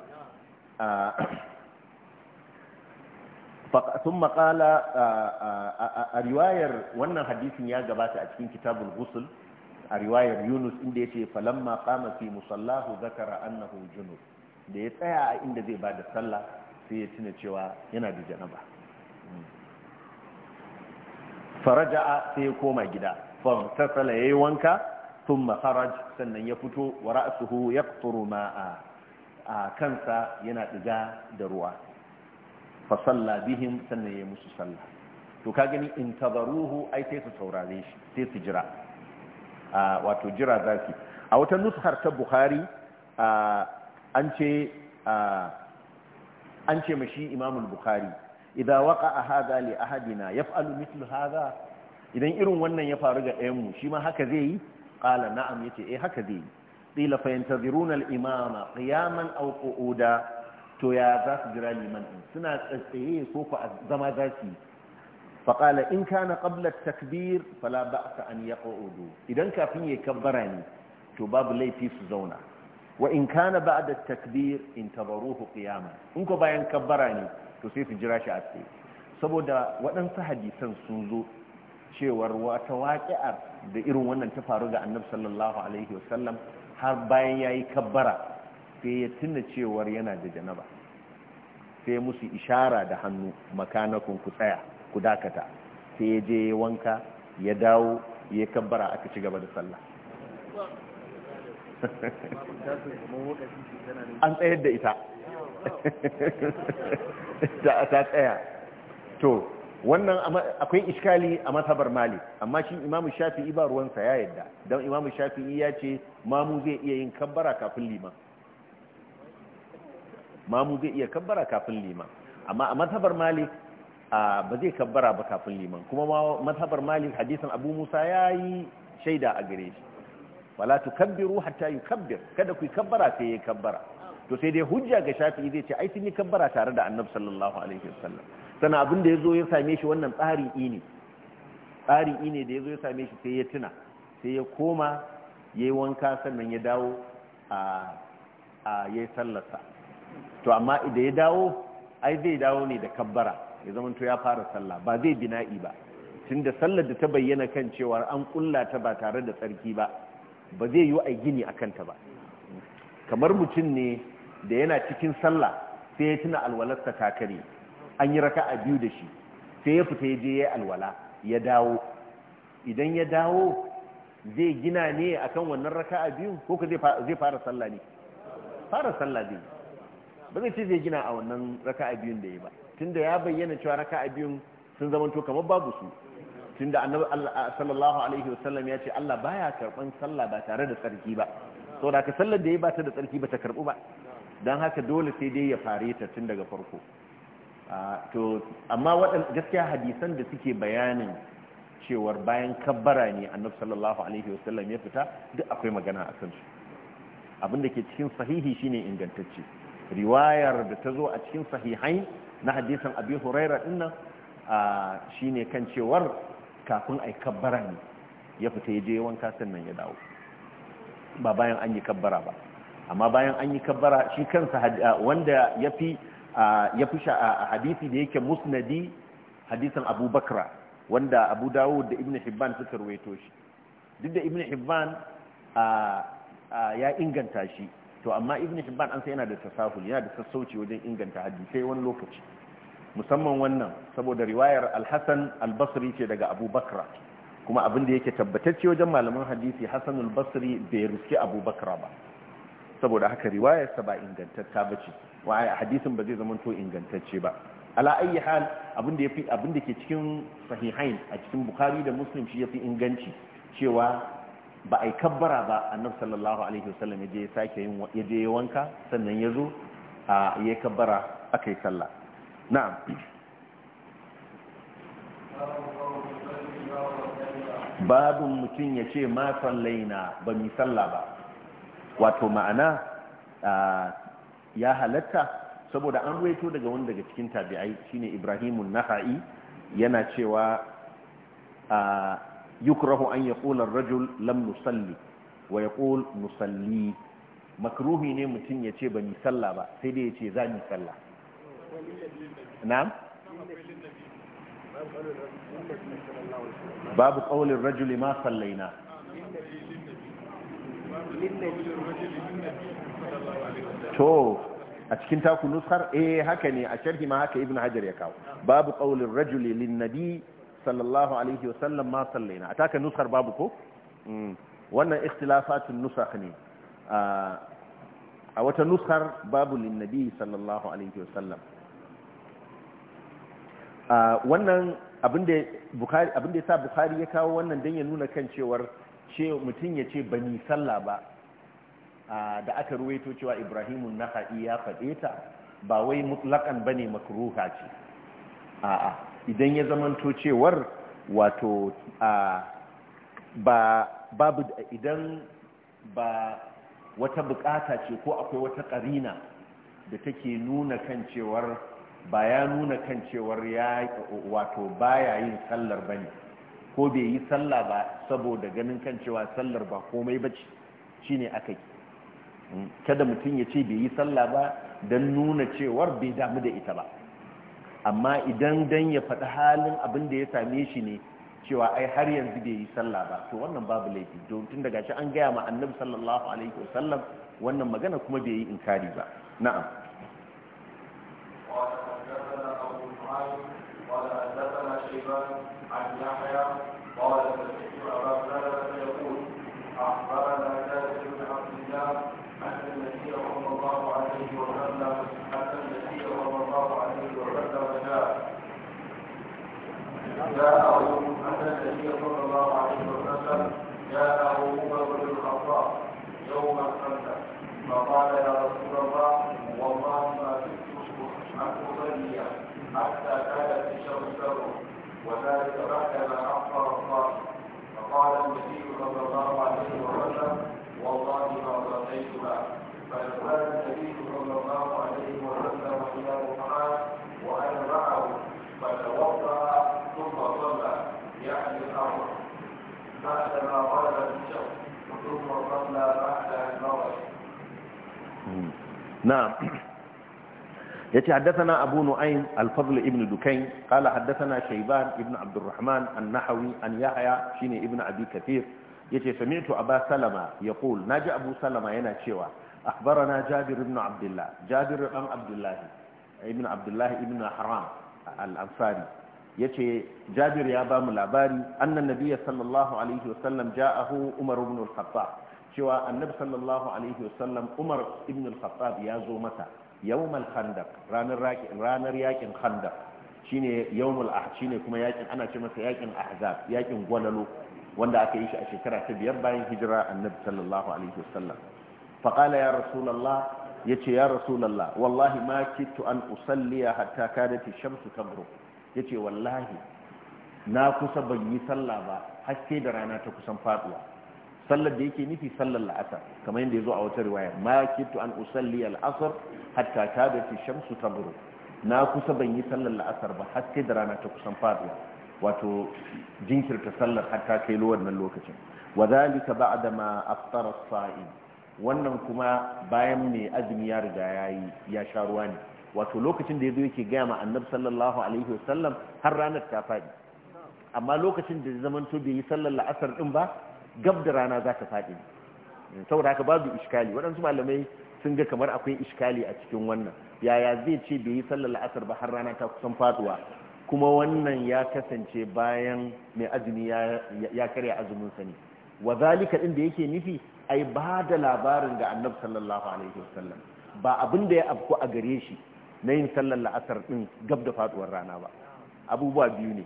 sun ah, makala ah, ah, a riwayar wannan hadisin ya gabata a cikin kitabul gusul a riwayar yunus inda yace ce falamma kama fi musallahu zakara annahu junub da ya tsaya inda zai bada sallah sai ya tuna cewa yana da janaba hmm. faraja sai ya koma gida faghtasala yayi wanka thumma kharaj sannan ya fito wa ra'suhu yaqturu ma'a a kansa yana diga da ruwa fa salla bihim sannan yayi musu sallah to ka gani intazaruhu ai sai su saurare shi sai su jira a wato jira zaki a wata nushar ta bukhari an ce an ce mashi imamul bukhari إذا وقع هذا لأحدنا يفعل مثل هذا إذا إرن ونن يفارق أمو شما هكذا قال نعم يتي إيه هكذا قيل فينتظرون الإمام قياما أو قعودا to ya za su jira liman din suna tsaye ko ku zama za su faƙala in kana qabla takbir fala ba'sa an yaqudu idan kafin ya kabbara ne to babu laifi su zauna wa in kana ba'da takbir intabaruhu qiyaman in ko bayan kabbara ne to sai su jira shi a tsaye saboda waɗansu hadisan sun zo cewar wata waƙi'ar da irin wannan ta faru ga annabi sallallahu alaihi wasallam har bayan ya yi kabbara sai ya tuna cewar yana da janaba sai musu ishara da hannu makanakun ku tsaya ku dakata sai ya je ya wanka ya dawo ya kabbara aka ci gaba da sallah an tsayar da ita ta tsaya to wannan akwai iskali a matabar malik amma shi imamu shafi'i ba ruwansa ya yadda don imamu shafi'i ya ce mamu zai iya yin kabbara kafin liman mamu zai iya kabbara kafin liman amma a matabar malik ba zai kabbara ba kafin liman kuma matabar malik hadisan abu musa ya yi shaida a gare shi wala tukabbiru hatta yukabbir kada ku kabbara sai ya kabbara to sai dai hujja ga shafi zai ce ai sun yi kabbara tare da annabi sallallahu alaihi wasallam sana abin da yazo ya same shi wannan tsari ne tsari ne da yazo ya same shi sai ya tuna sai ya koma yayi wanka sannan ya dawo a a yayi sallarsa to amma idan ya dawo ai zai dawo ne da kabbara ya zama zamanto ya fara sallah ba zai bina'i ba tunda sallar da ta bayyana kan cewa an kulla ta ba tare da tsarki ba ba zai yi a gini a kanta ba kamar mutum ne da yana cikin sallah sai ya tuna alwalarsa ta kare an yi raka'a biyu da shi sai ya fita ya je ya alwala ya dawo idan ya dawo zai gina ne akan wannan raka'a biyu ko ka zai fara sallah ne fara sallah zai ba zai ce zai gina a wannan raka'a biyun da ya ba tunda ya bayyana cewa raka'a biyun sun to kamar babu su tunda annabi sallallahu alaihi wasallam ya ce Allah baya karban sallah ba tare da tsarki ba saboda ka sallar da ya ba ta da tsarki ba ta karbu ba don haka dole sai dai ya fare ta tun daga farko to amma waɗanda gaskiya hadisan da suke bayanin cewar bayan kabbara ne annabi sallallahu alaihi wasallam ya fita duk akwai magana a kan su abinda ke cikin sahihi shine ingantacce riwayar da ta zo a cikin sahihai na hadisan abin huraira dinnan shine kan cewar kafin a yi kabbara ne ya fita ya je wanka sannan ya dawo ba bayan an yi kabbara ba amma bayan an yi kabbara shi kansa wanda ya fi ya a hadisi da yake musnadi hadisin abu bakra wanda abu dawud da ibn hibban suka rawaito shi duk da ibn hibban ya inganta shi to amma ibn hibban an sai yana da tasahul yana da sassauci wajen inganta hadisai wani lokaci musamman wannan saboda riwayar al-hasan al-basri ce daga abu bakra kuma abin da yake tabbatacce wajen malaman hadisi hasan basri bai riski abu bakra ba saboda haka riwayarsa ba ingantacce ba ce wa hadisin ba zai zama to ingantacce ba ala ayi hal abin da yafi abin da ke cikin sahihain a cikin bukhari da muslim shi yafi inganci cewa ba ai kabbara ba annabi sallallahu alaihi wasallam ya je ya sake yin ya je ya wanka sannan ya zo a ya kabbara akai sallah na'am Babu mutum ya ce ma sallaina ba mi sallah ba wato ma'ana ya halatta saboda an ruwaito daga wani daga cikin tabi'ai shine ibrahimun naha'i yana cewa yukrahu an ya ar-rajul lam musalli wa yaqul musalli makruhi ne mutum ya ce ba ni sallah ba sai dai ya ce za ni sallah babu qaulin rajul ma sallaina to a cikin taku nuskar eh haka ne a sharhi ma haka ibn hajar ya kawo babu qaulir rajuli lin nabi sallallahu alaihi wa sallam ma sallaina a taka nuskar babu ko mm. wannan ikhtilafatun nusakh ne a wata nuskar babu lin nabi sallallahu alaihi wa sallam wannan abinda ya sa Bukhari ya kawo wannan dan ya nuna kan cewar ce mutum ya ce bani sallah ba da aka ruwaito cewa na naha'i ya faɗe ta ba wai mutlaƙan ba ne makaruka ce a'a idan ya zamanto cewar wato ba babu idan ba wata bukata ce ko akwai wata ƙarina da take nuna kan cewar ba ya nuna kan cewar ya wato baya yin sallar ne. ko bai yi sallah ba saboda ganin kan cewa sallar ba komai ba ce shi ne aka yi hmm. kada mutum ya ce bai yi sallah ba don nuna cewar bai damu da ita ba amma idan dan ya faɗi halin abin da ya same shi ne cewa ai har yanzu bai yi sallah ba to wannan babu laifi don tun daga shi an gaya ma annabi sallallahu alaihi wasallam wannan magana kuma bai yi inkari ba na'am wa يحيى قال نعم يتي حدثنا أبو نعيم الفضل ابن دكين قال حدثنا شيبان ابن عبد الرحمن النحوي أن يحيى شيني ابن أبي كثير يتي سمعت أبا سلمة يقول ناجى أبو سلمة ينا شوى أخبرنا جابر بن عبد الله جابر بن عبد الله ابن عبد الله ابن حرام الأنصاري يتي جابر يا بام الأباري أن النبي صلى الله عليه وسلم جاءه عمر بن الخطاب cewa annabi sallallahu alaihi wasallam umar ibn al-khattab ya zo masa yawmal khandaq ranar ranar yakin khandaq shine yawmul ahzab shine kuma yakin ana ce masa yakin ahzab yakin gwalalo wanda aka yi shi a shekara ta biyar bayan hijira annabi sallallahu alaihi wasallam fa qala ya rasulullah yace ya rasulullah wallahi ma kittu an usalliya hatta kadat shamsu taghrub yace wallahi na kusa ban yi sallah ba haske da rana ta kusan faduwa sallar da yake nufi sallar la'asar kamar yadda ya zo a wata riwaya ma kitu an usalli al'asar hatta ta da fi shamsu ta buru na kusa ban yi sallar la'asar ba har sai da rana ta kusan faduwa wato jinkirta sallar har ta kai nan lokacin wa zalika ba'da ma aftara sa'im wannan kuma bayan mai azumi ya riga yi, ya sha ruwa ne wato lokacin da yazo yake gaya ma annabi sallallahu alaihi wasallam har ranar ta faɗi, amma lokacin da zama to bai yi sallar la'asar din ba gab da rana za ta faɗi saboda haka babu iskali waɗansu malamai sun ga kamar akwai iskali a cikin wannan yaya zai ce bai yi sallar la'asar ba har rana ta kusan faduwa kuma wannan ya kasance bayan mai azumi ya karya azumin sani wa zalika din da yake nufi ai ba da labarin ga annabi sallallahu alaihi wasallam ba abin da ya afku a gare shi na yin sallar la'asar din gab da faduwar rana ba abubuwa biyu ne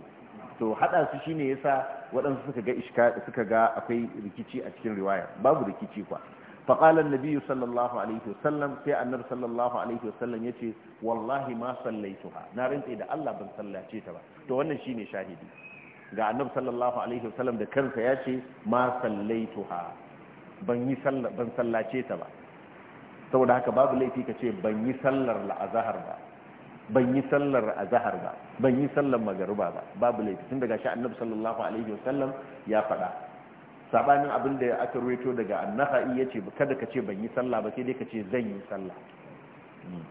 to hada su shine yasa waɗansu suka ga ishka suka ga akwai rikici a cikin riwaya babu rikici kwa fa qala an sallallahu alaihi wasallam sai annabi sallallahu alaihi wasallam yace wallahi ma sallaituha na rantsa da Allah ban sallace ta ba to wannan shine shahidi ga annabi sallallahu alaihi wasallam da kansa yace ma sallaituha ban yi ban sallace ta ba saboda haka babu laifi kace ban yi sallar la'azahar ba ban yi sallar azahar ba ban yi sallar magaruba ba babu laifi tun daga shi annabi sallallahu alaihi wasallam ya faɗa sabanin abin da aka ruwaito daga annaha'i yace kada ka ce ban yi sallah ba sai dai ka ce zan yi sallah hmm.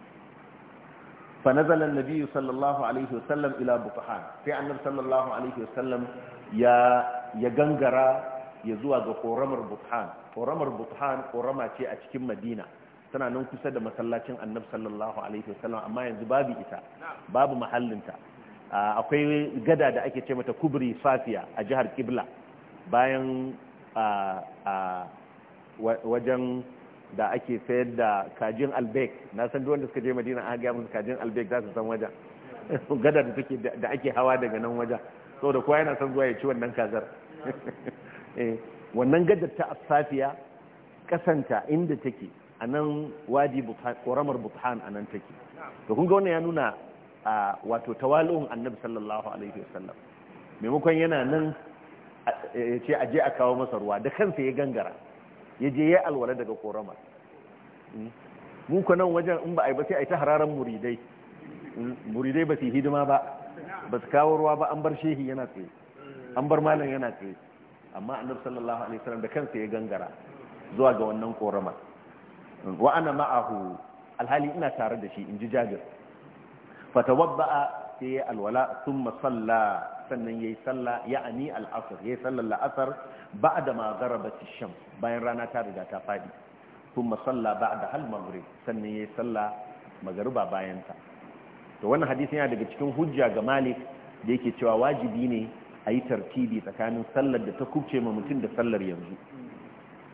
fa nazala annabi sallallahu alaihi wasallam ila bukhan sai annabi sallallahu alaihi wasallam ya ya gangara ya zuwa ga koramar bukhan koramar bukhan korama ce a cikin madina tana nan kusa da masallacin annab sallallahu alaihi wasallam amma yanzu babu ita babu mahallinta akwai gada da ake ce mata kubri safiya a jihar kibla bayan wajen da ake sayar da kajin albek na san duk wanda suka je madina a gaya musu kajin albek za su san wajen gada da take da ake hawa daga nan wajen so da kowa yana son zuwa ya ci wannan kazar eh, wannan gadar ta safiya kasanta inda take a nan wadi ƙoramar buthan a nan take to kun ga wannan ya nuna a wato tawali'un annabi sallallahu alaihi wasallam maimakon yana nan ya ce aje a kawo masa ruwa da kansa ya gangara ya je ya alwala daga ƙoramar hmm? mu ku nan wajen in ba a yi ba sai a yi ta hararan muridai hmm? muridai ba su hidima ba ba su kawo ruwa ba an bar shehi yana tsaye an bar malam yana tsaye amma annabi sallallahu alaihi wasallam da kansa ya gangara zuwa ga wannan ƙoramar wa ana ma'ahu alhali ina tare da shi in ji jabir fatawabba'a sai ya alwala sun masalla sannan yayi salla ya'ani al-asr yayi sallar la'asar ba'da da gharabat ash bayan rana ta riga ta fadi thumma salla ba'da da maghrib sannan yayi salla magruba bayan to wannan hadisi yana daga cikin hujja ga Malik da yake cewa wajibi ne a yi tartibi tsakanin sallar da ta kubce ma mutum da sallar yanzu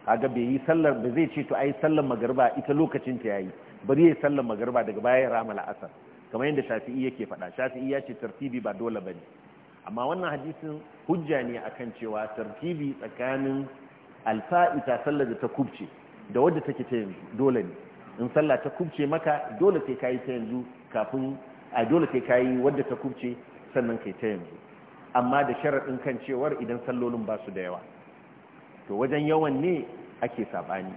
kaga bai yi sallar ba zai ce to ai sallar magariba ita lokacin ta yayi bari yayi sallar magariba daga baya rama asar kamar yadda shafi'i yake faɗa shafi'i ya ce tartibi ba dole bane amma wannan hadisin hujja ne akan cewa tartibi tsakanin alfa'ita sallar da ta kubce da wadda take ta yanzu dole ne in sallah ta kubce maka dole sai kayi ta yanzu kafin a dole sai kayi wadda ta kubce sannan kai ta yanzu amma da sharaɗin kan cewar idan sallolin ba su da yawa to wajen yawan ne ake sabani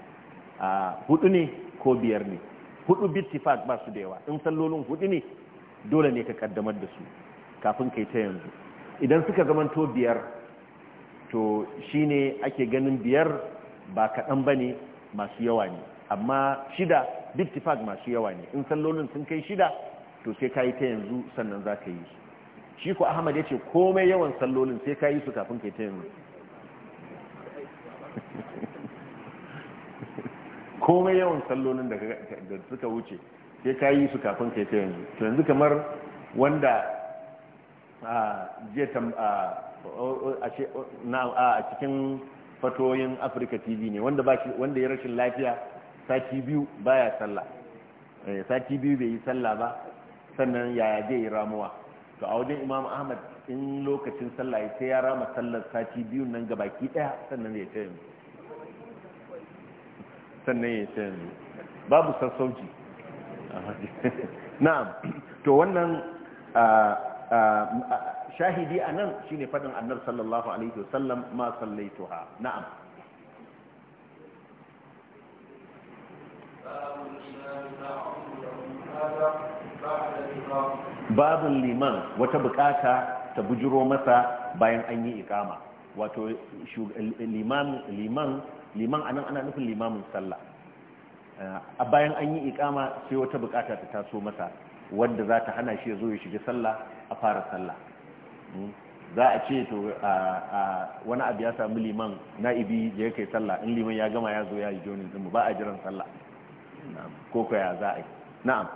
a hudu ne ko biyar ne hudu bittifak ba su da yawa in sallolin hudu ne dole ne ka kaddamar da su kafin kai ta yanzu idan suka zamanto biyar to shine ake ganin biyar ba kaɗan ba ne masu yawa ne amma shida bittifak masu yawa ne in sallolin sun kai shida to sai ka yi ta yanzu sannan za ka yi shi ko ahmad ya ce komai yawan sallolin sai ka yi su kafin kai ta yanzu komai yawan sallonin da suka wuce sai ka yi su kafin ka yi yanzu to yanzu kamar wanda a cikin fatoyin afirka tv ne wanda ya rashin lafiya sati biyu baya sallah eh, sati biyu bai yi sallah ba sannan yaya zai yi ramuwa to a wajen imam ahmad in lokacin sallah ya sai ya rama sallar sati biyun nan gabaki daya sannan ya ce sannan ya ce babu sassauci na'am to wannan shahidi a nan shi ne faɗin annar sallallahu alaihi wasallam ma sallai ha na'am Thank you. babin liman wata bukata ta bujiro masa bayan an yi ikama wato liman liman liman anan ana nufin limamin sallah eh, a bayan an yi ikama sai wata bukata ta taso masa wanda za ta hana shi ya zo ya shiga sallah a fara sallah hmm? za a ce to wani abu ya samu liman na'ibi da ya kai sallah in liman ya gama ya zo ya yi jonin ba a jiran sallah ko ya za a yi na'am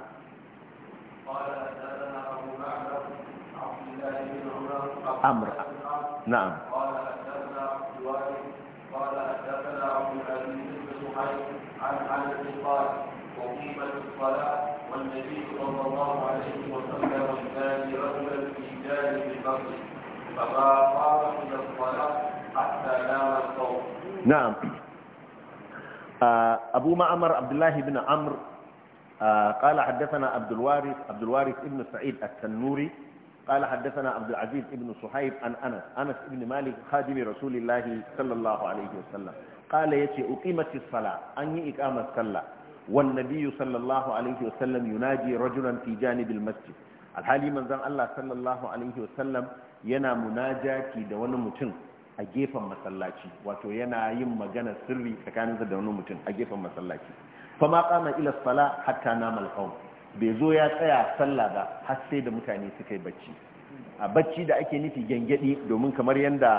أمر نعم قال قال عبد بن عن قال أقيمت الصلاة والنبي صلى الله عليه وسلم رجلا في جانب فما قام من الصلاة حتى نام نعم آه، أبو معمر عبد الله بن عمرو قال حدثنا عبد الوارث عبد الوارث ابن سعيد التنوري قال حدثنا عبد العزيز ابن صهيب عن انس انس ابن مالك خادم رسول الله صلى الله عليه وسلم قال يتي اقيمت الصلاه اني اقامه الصلاه والنبي صلى الله عليه وسلم يناجي رجلا في جانب المسجد الحالي من زن الله صلى الله عليه وسلم ينا مناجاتي da wani mutum a gefen masallaci wato yana yin magana sirri tsakaninsa da wani mutum a gefen masallaci fama kama ila sala hatta na qaum bai zo ya tsaya sallah ba har sai da mutane suka yi bacci a bacci da ake nufi gengedi domin kamar yadda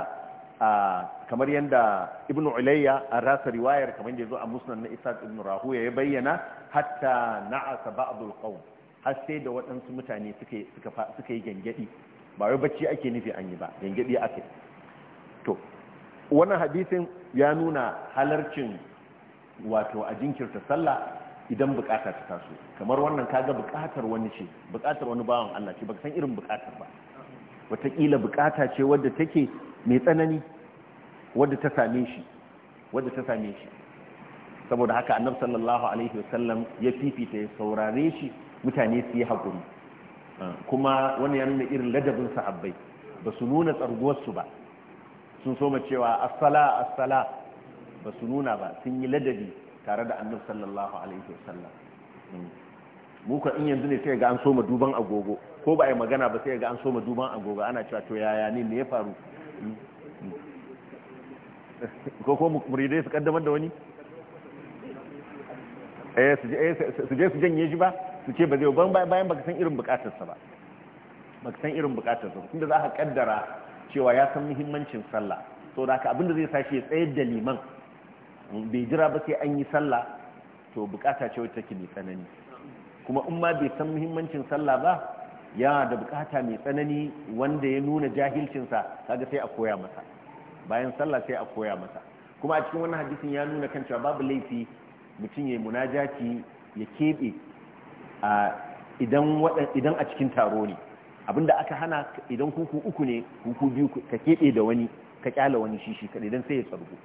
kamar yanda ibn ulayya a rasa riwayar kamar da zo a musnad na isaac ibn rahuya ya bayyana hatta na'asa ba'dul qaum har sai da waɗansu mutane suka yi gengedi ba wai bacci ake nufi an yi ba gengedi ake to wannan hadisin ya nuna halarcin wato a jinkirta sallah idan bukata ta taso kamar wannan kaga bukatar wani ce bukatar wani bawan Allah ce baka san irin bukatar ba wataƙila bukata ce wadda take mai tsanani wadda ta same shi wadda ta same shi saboda haka annabi sallallahu alaihi wasallam ya fifita ya saurare shi mutane su yi hakuri kuma wani ya nuna irin ladabin sahabbai ba su nuna tsarguwarsu ba sun so mu cewa assala assala ba su nuna ba sun yi ladabi tare da annabi sallallahu alaihi wasallam hmm. mu in yanzu ne sai ga an soma duban agogo ko ba ai magana ba sai ga an soma duban agogo ana cewa to yaya ne me ya faru hmm. Hmm. ko ko muridai su kaddamar da wani eh su je eh, su janye shi ba su ce ba zai ban bayan baka san irin sa ba baka san irin sa tunda za ka kaddara cewa ya san muhimmancin sallah saboda da haka abinda zai sashi ya tsayar da liman bai jira ba sai an yi sallah to bukata ce wacce take mai tsanani kuma in ma bai san muhimmancin sallah ba yana da bukata mai tsanani wanda ya nuna jahilcinsa kaga sai a koya masa bayan sallah sai a koya masa kuma a cikin wannan hadisin ya nuna kan cewa babu laifi mutum ya munajaci ya keɓe idan a cikin taro ne abinda aka hana idan kuku uku ne kuku biyu ka keɓe da wani ka kyala wani shi shi kaɗai sai ya tsargu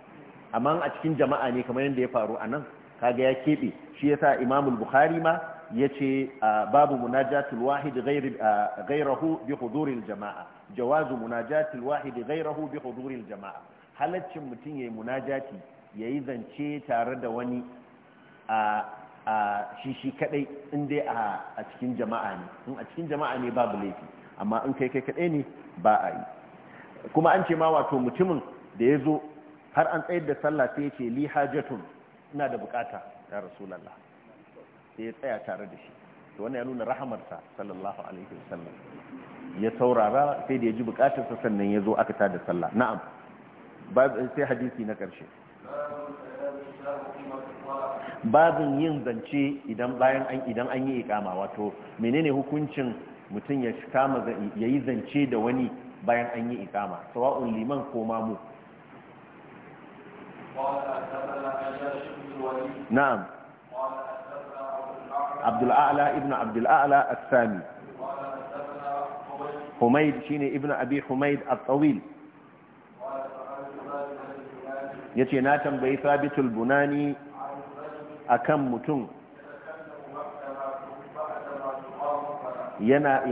amma a cikin jama'a ne kamar yadda ya faru a nan kaga ya keɓe shi yasa imamul buhari ma ya ce babu munajatul wahid gairahu bi huduril jama'a jawazu munajatul wahid gairahu bi huduril jama'a halaccin mutum yi munajati ya yi zance tare da wani a shi shi kadai in dai a cikin jama'a ne in a cikin jama'a ne babu laifi amma in kai kai kadai ne ba a yi kuma an ce ma wato mutumin da ya zo har an tsayar da sallah sai yake li hajatun ina da bukata ya rasulullah sai ya tsaya tare da shi to wannan ya nuna sa sallallahu alaihi wasallam ya saurara sai da ya ji sa sannan ya zo aka da sallah na'am sai hadisi na karshe babin yin zance idan bayan an idan an yi ikama wato menene hukuncin mutum ya kama yayi zance da wani bayan an yi ikama sawa'un liman ko mamu نعم عبد الأعلى ابن عبد الأعلى الثاني حميد شيني ابن أبي حميد الطويل yace na tambayi sabitul bunani akan mutum yana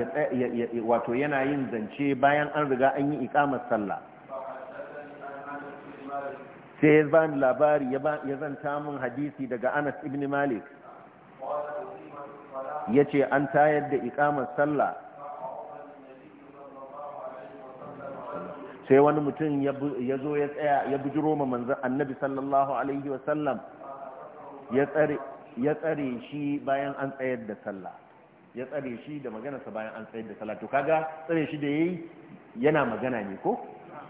wato yana yin zance bayan an riga an yi ikamar sallah sai ya bani labari ya zanta min hadisi daga anas ibn malik ya ce an tayar da ikamar sallah sai wani mutum ya zo ya tsaya ya bujiro ma manzan annabi sallallahu alaihi wasallam ya tsare shi bayan an tsayar da sallah ya tsare shi da maganarsa bayan an tsayar da sallah to kaga tsare shi da yayi yana magana ne ko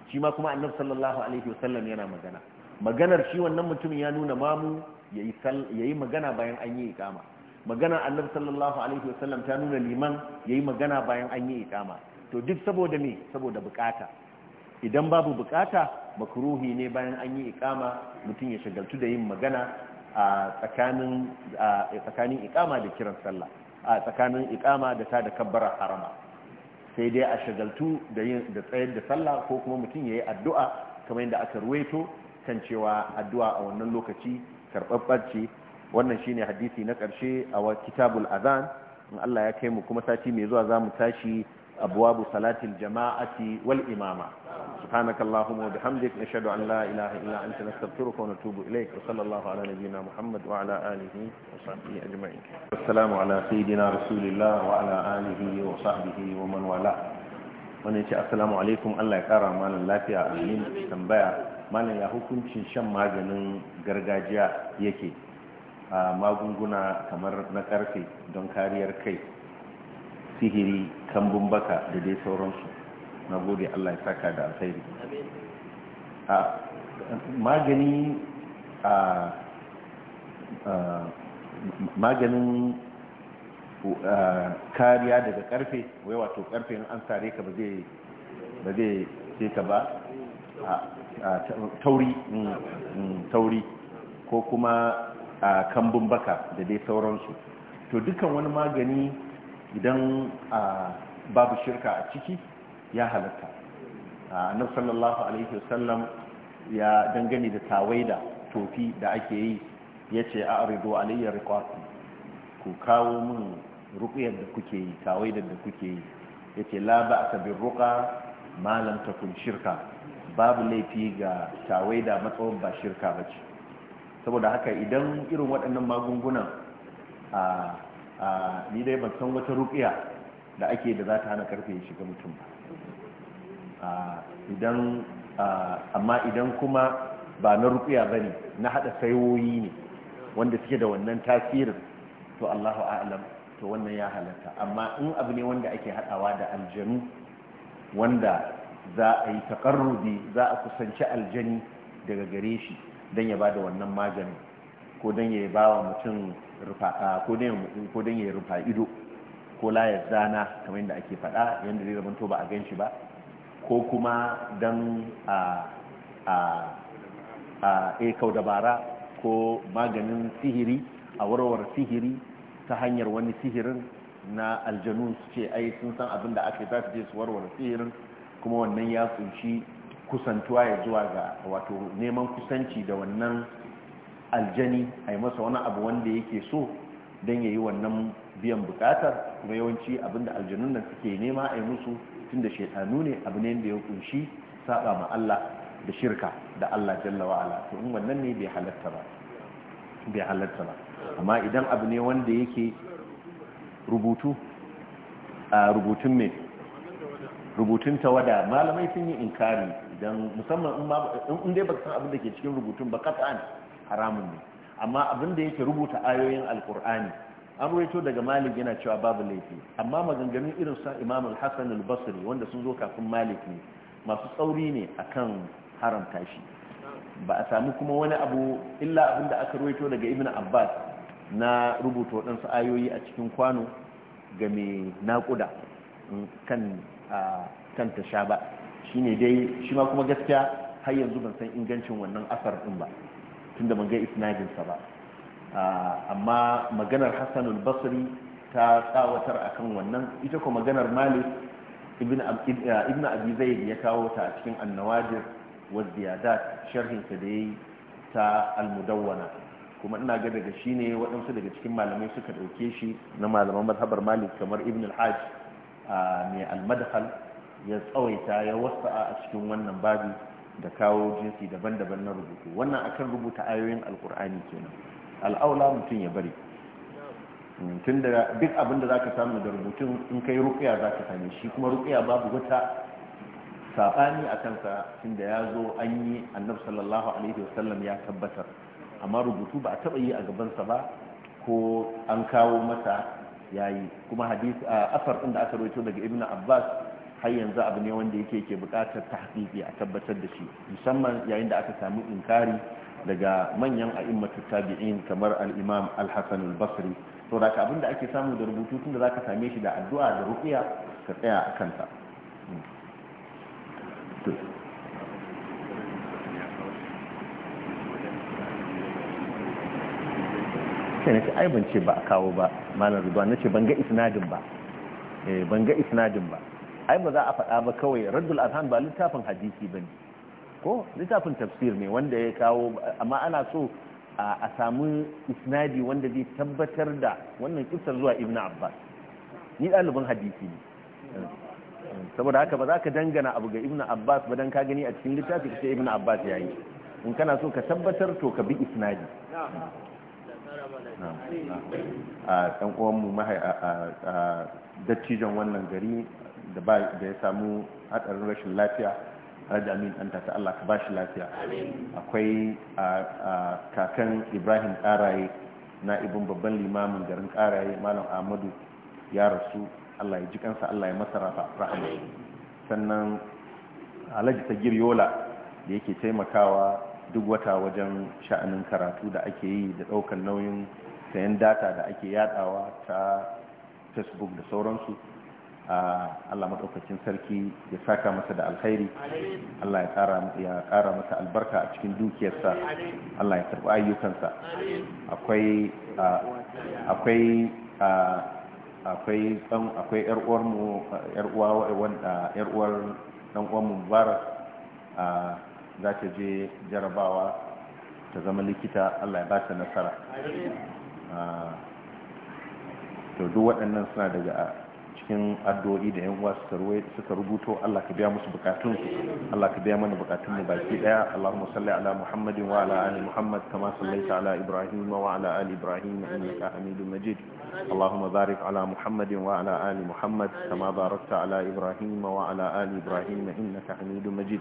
shi ma kuma annabi sallallahu alaihi wasallam yana magana maganar shi wannan mutumin ya nuna mamu ya yi magana bayan an yi ikama maganar annabi sallallahu alaihi wasallam ta nuna liman ya yi magana bayan an yi ikama to duk saboda me saboda bukata idan babu bukata makruhi ne bayan an yi ikama mutum ya shagaltu da yin magana a tsakanin tsakanin ikama da kiran sallah a tsakanin ikama da ta da kabbara harama sai dai a shagaltu da yin da tsayar da sallah ko kuma mutum ya yi addu'a kamar yadda aka ruwaito kan cewa addu'a a wannan lokaci karɓaɓɓar ce wannan shine hadisi na ƙarshe a kitabul azan in Allah ya kai mu kuma sati mai zuwa za mu tashi abuwabu salatil jama'ati wal imama subhanakallahumma wa bihamdik nashhadu an la ilaha illa anta nastaghfiruka wa natubu ilayk wa sallallahu ala nabiyyina muhammad wa ala alihi wa sahbihi ajma'in assalamu ala sayyidina rasulillah wa ala alihi wa sahbihi wa man wala wannan ce assalamu alaikum Allah ya kara malam lafiya amin tambaya malam ya hukuncin shan maganin gargajiya yake a magunguna kamar na karfe don kariyar kai sihiri kambun baka da dai sauransu na gode allah ya saka da alfairi a magani a maganin kariya daga karfe wai wato karfe an sare ka ba zai ba zai ka ba tauri mm, mm, tauri ko kuma a kambun baka da dai sauransu to dukkan wani magani idan babu shirka a ciki ya halatta annab sallallahu alaihi wasallam ya dangane da tawaida tofi da ake yi ya ce a arido alayyar rikwasi ku kawo min rukuyar da kuke yi tawaidar da kuke yi ya ce la ba a sabin ruka malam ta kun shirka babu laifi ga tawaida matsawon ba shirka ba ce saboda haka idan irin waɗannan magungunan a ni dai ban san wata rukiya da ake da za ta hana karfe ya shiga mutum ba idan amma idan kuma ba na rukiya ba ne na haɗa saiwoyi ne wanda suke da wannan tasirin to allahu alam to wannan ya halatta amma in abu ne wanda ake haɗawa da aljanu wanda za a yi takarrubi za a kusanci aljani daga gare shi don ya ba da wannan maganin ko don ya ba wa mutum ko don ya rufa ido ko layar zana kamar yadda ake faɗa yadda zai zamanto ba a gan shi ba ko kuma don a a eh, dabara ko maganin sihiri a warwar sihiri ta hanyar wani sihirin na aljanu su ce ai sun san abin da ake za su je su warware sihirin kuma wannan ya kunshi kusantuwa ya zuwa ga wato neman kusanci da wannan aljani a yi masa wani abu wanda yake so don ya yi wannan biyan bukatar kuma yawanci abinda aljanun nan suke nema a yi musu tun da shaitanu ne abu ne da ya kunshi saba ma Allah da shirka da Allah jalla wa'ala to in wannan ne bai halatta ba bai halatta ba amma idan abu ne wanda yake rubutu a rubutun mai rubutun tawada malamai sun yi inkari don musamman in dai baka san abin da ke cikin rubutun ba kat'an haramun ne amma abin da yake rubuta ayoyin alkur'ani an rawaito daga malik yana cewa babu laifi amma maganganun irin sa imam al-hasan al-basri wanda sun zo kafin malik ne masu tsauri ne akan haramta shi ba a samu kuma wani abu illa abin da aka rawaito daga ibn abbas na rubuta waɗansu ayoyi a cikin kwano game mai naƙuda mm, kan ta sha ba shi ne dai shi ma kuma gaskiya har yanzu ban san ingancin wannan asar din ba tunda ban ga isnadinsa ba amma maganar hassanul basri ta tsawatar a kan wannan ita kuma maganar malik ibn abi ya kawo ta a cikin annawajir wa da sharhinsa da yayi ta almudawwana kuma ina ga daga shi ne waɗansu daga cikin malamai suka ɗauke shi na malaman mazhabar malik kamar ibn al-hajj mai almadhal ya tsawaita ya wasa'a a cikin wannan babi da kawo jinsi daban-daban na rubutu wannan akan rubuta ayoyin alkur'ani kenan al'aula mutum ya bari mm, tun da duk abin da za ka samu da rubutun in kai ruqya zaka same shi kuma ruqya babu wata saɓani a kansa tunda ya zo an yi annabi sallallahu alaihi wasallam ya tabbatar amma rubutu ba a taɓa yi a gabansa ba ko an kawo masa yayi kuma hadisi asar din da aka rawaito daga ibn abbas har yanzu abu ne wanda yake ke buƙatar tahqiqi a tabbatar da shi musamman yayin da aka samu inkari daga manyan a'immatu tabi'in kamar al-imam al-hasan al-basri to da abin da ake samu da rubutu tun da zaka same shi da addu'a da ruqiya ka tsaya akan hmm. ta sai na ce ai ban ce ba a kawo ba malam ridwan na ce ban ga isnadin ba eh ban ga isnadin ba ai ba za a faɗa ba kawai raddul azhan ba littafin hadisi bane ko littafin tafsir ne wanda ya kawo amma ana so a samu isnadi wanda zai tabbatar da wannan kissar zuwa ibnu abbas ni ɗaliban hadisi ne saboda haka ba za ka dangana abu ga ibnu abbas ba dan ka gani a cikin littafi kace ibnu abbas yayi in kana so ka tabbatar to ka bi isnadi a ɗan uwanmu a dattijan wannan gari da ya samu haɗarin rashin lafiya da amin an ta Allah ka bashi lafiya akwai kakan ibrahim ƙaraye na ibin babban limamin garin ƙaraye malam ahmadu ya rasu Allah ya ji kansa Allah ya masa rahama sannan alhaji ta giriola da yake taimakawa duk wata wajen sha'anin karatu da ake yi da ɗaukar nauyin sayan data da ake yadawa ta facebook da sauransu Allah matsaukacin sarki ya saka masa da alkhairi Allah ya kara masa albarka a cikin dukiyarsa Allah ya karɓi ayyukansa akwai akwai akwai ɗan akwai ƴar uwar ɗan uwan Mubarak za ta je jarabawa ta zama likita Allah ya ba ta nasara Ah, to duk waɗannan suna daga cikin addu'o'i da yan uwa suka rubuto Allah ka biya musu bukatun Allah ka biya mana bukatun mu baki daya Allahumma salli ala Muhammadin wa ala ali Muhammad kama sallaita ala Ibrahim wa ala ali Ibrahim innaka Hamidum Majid Allahumma barik ala Muhammadin wa ala ali Muhammad kama barakta ala Ibrahim wa ala ali Ibrahim innaka Hamidum Majid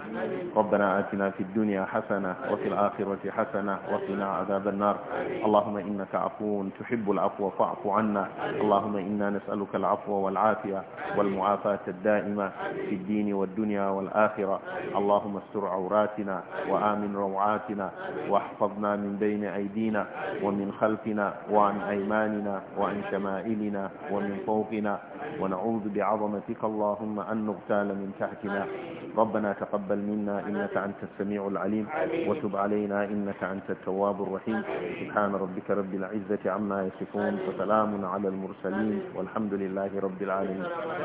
ربنا آتنا في الدنيا حسنة وفي الآخرة حسنة وقنا عذاب النار اللهم إنك عفو تحب العفو فاعف عنا اللهم إنا نسألك العفو والعافية والعافية والمعافاة الدائمة في الدين والدنيا والآخرة اللهم استر عوراتنا وآمن روعاتنا واحفظنا من بين أيدينا ومن خلفنا وعن أيماننا وعن شمائلنا ومن فوقنا ونعوذ بعظمتك اللهم أن نغتال من تحتنا ربنا تقبل منا إنك أنت السميع العليم وتب علينا إنك أنت التواب الرحيم سبحان ربك رب العزة عما يصفون وسلام على المرسلين والحمد لله رب العالمين àmín.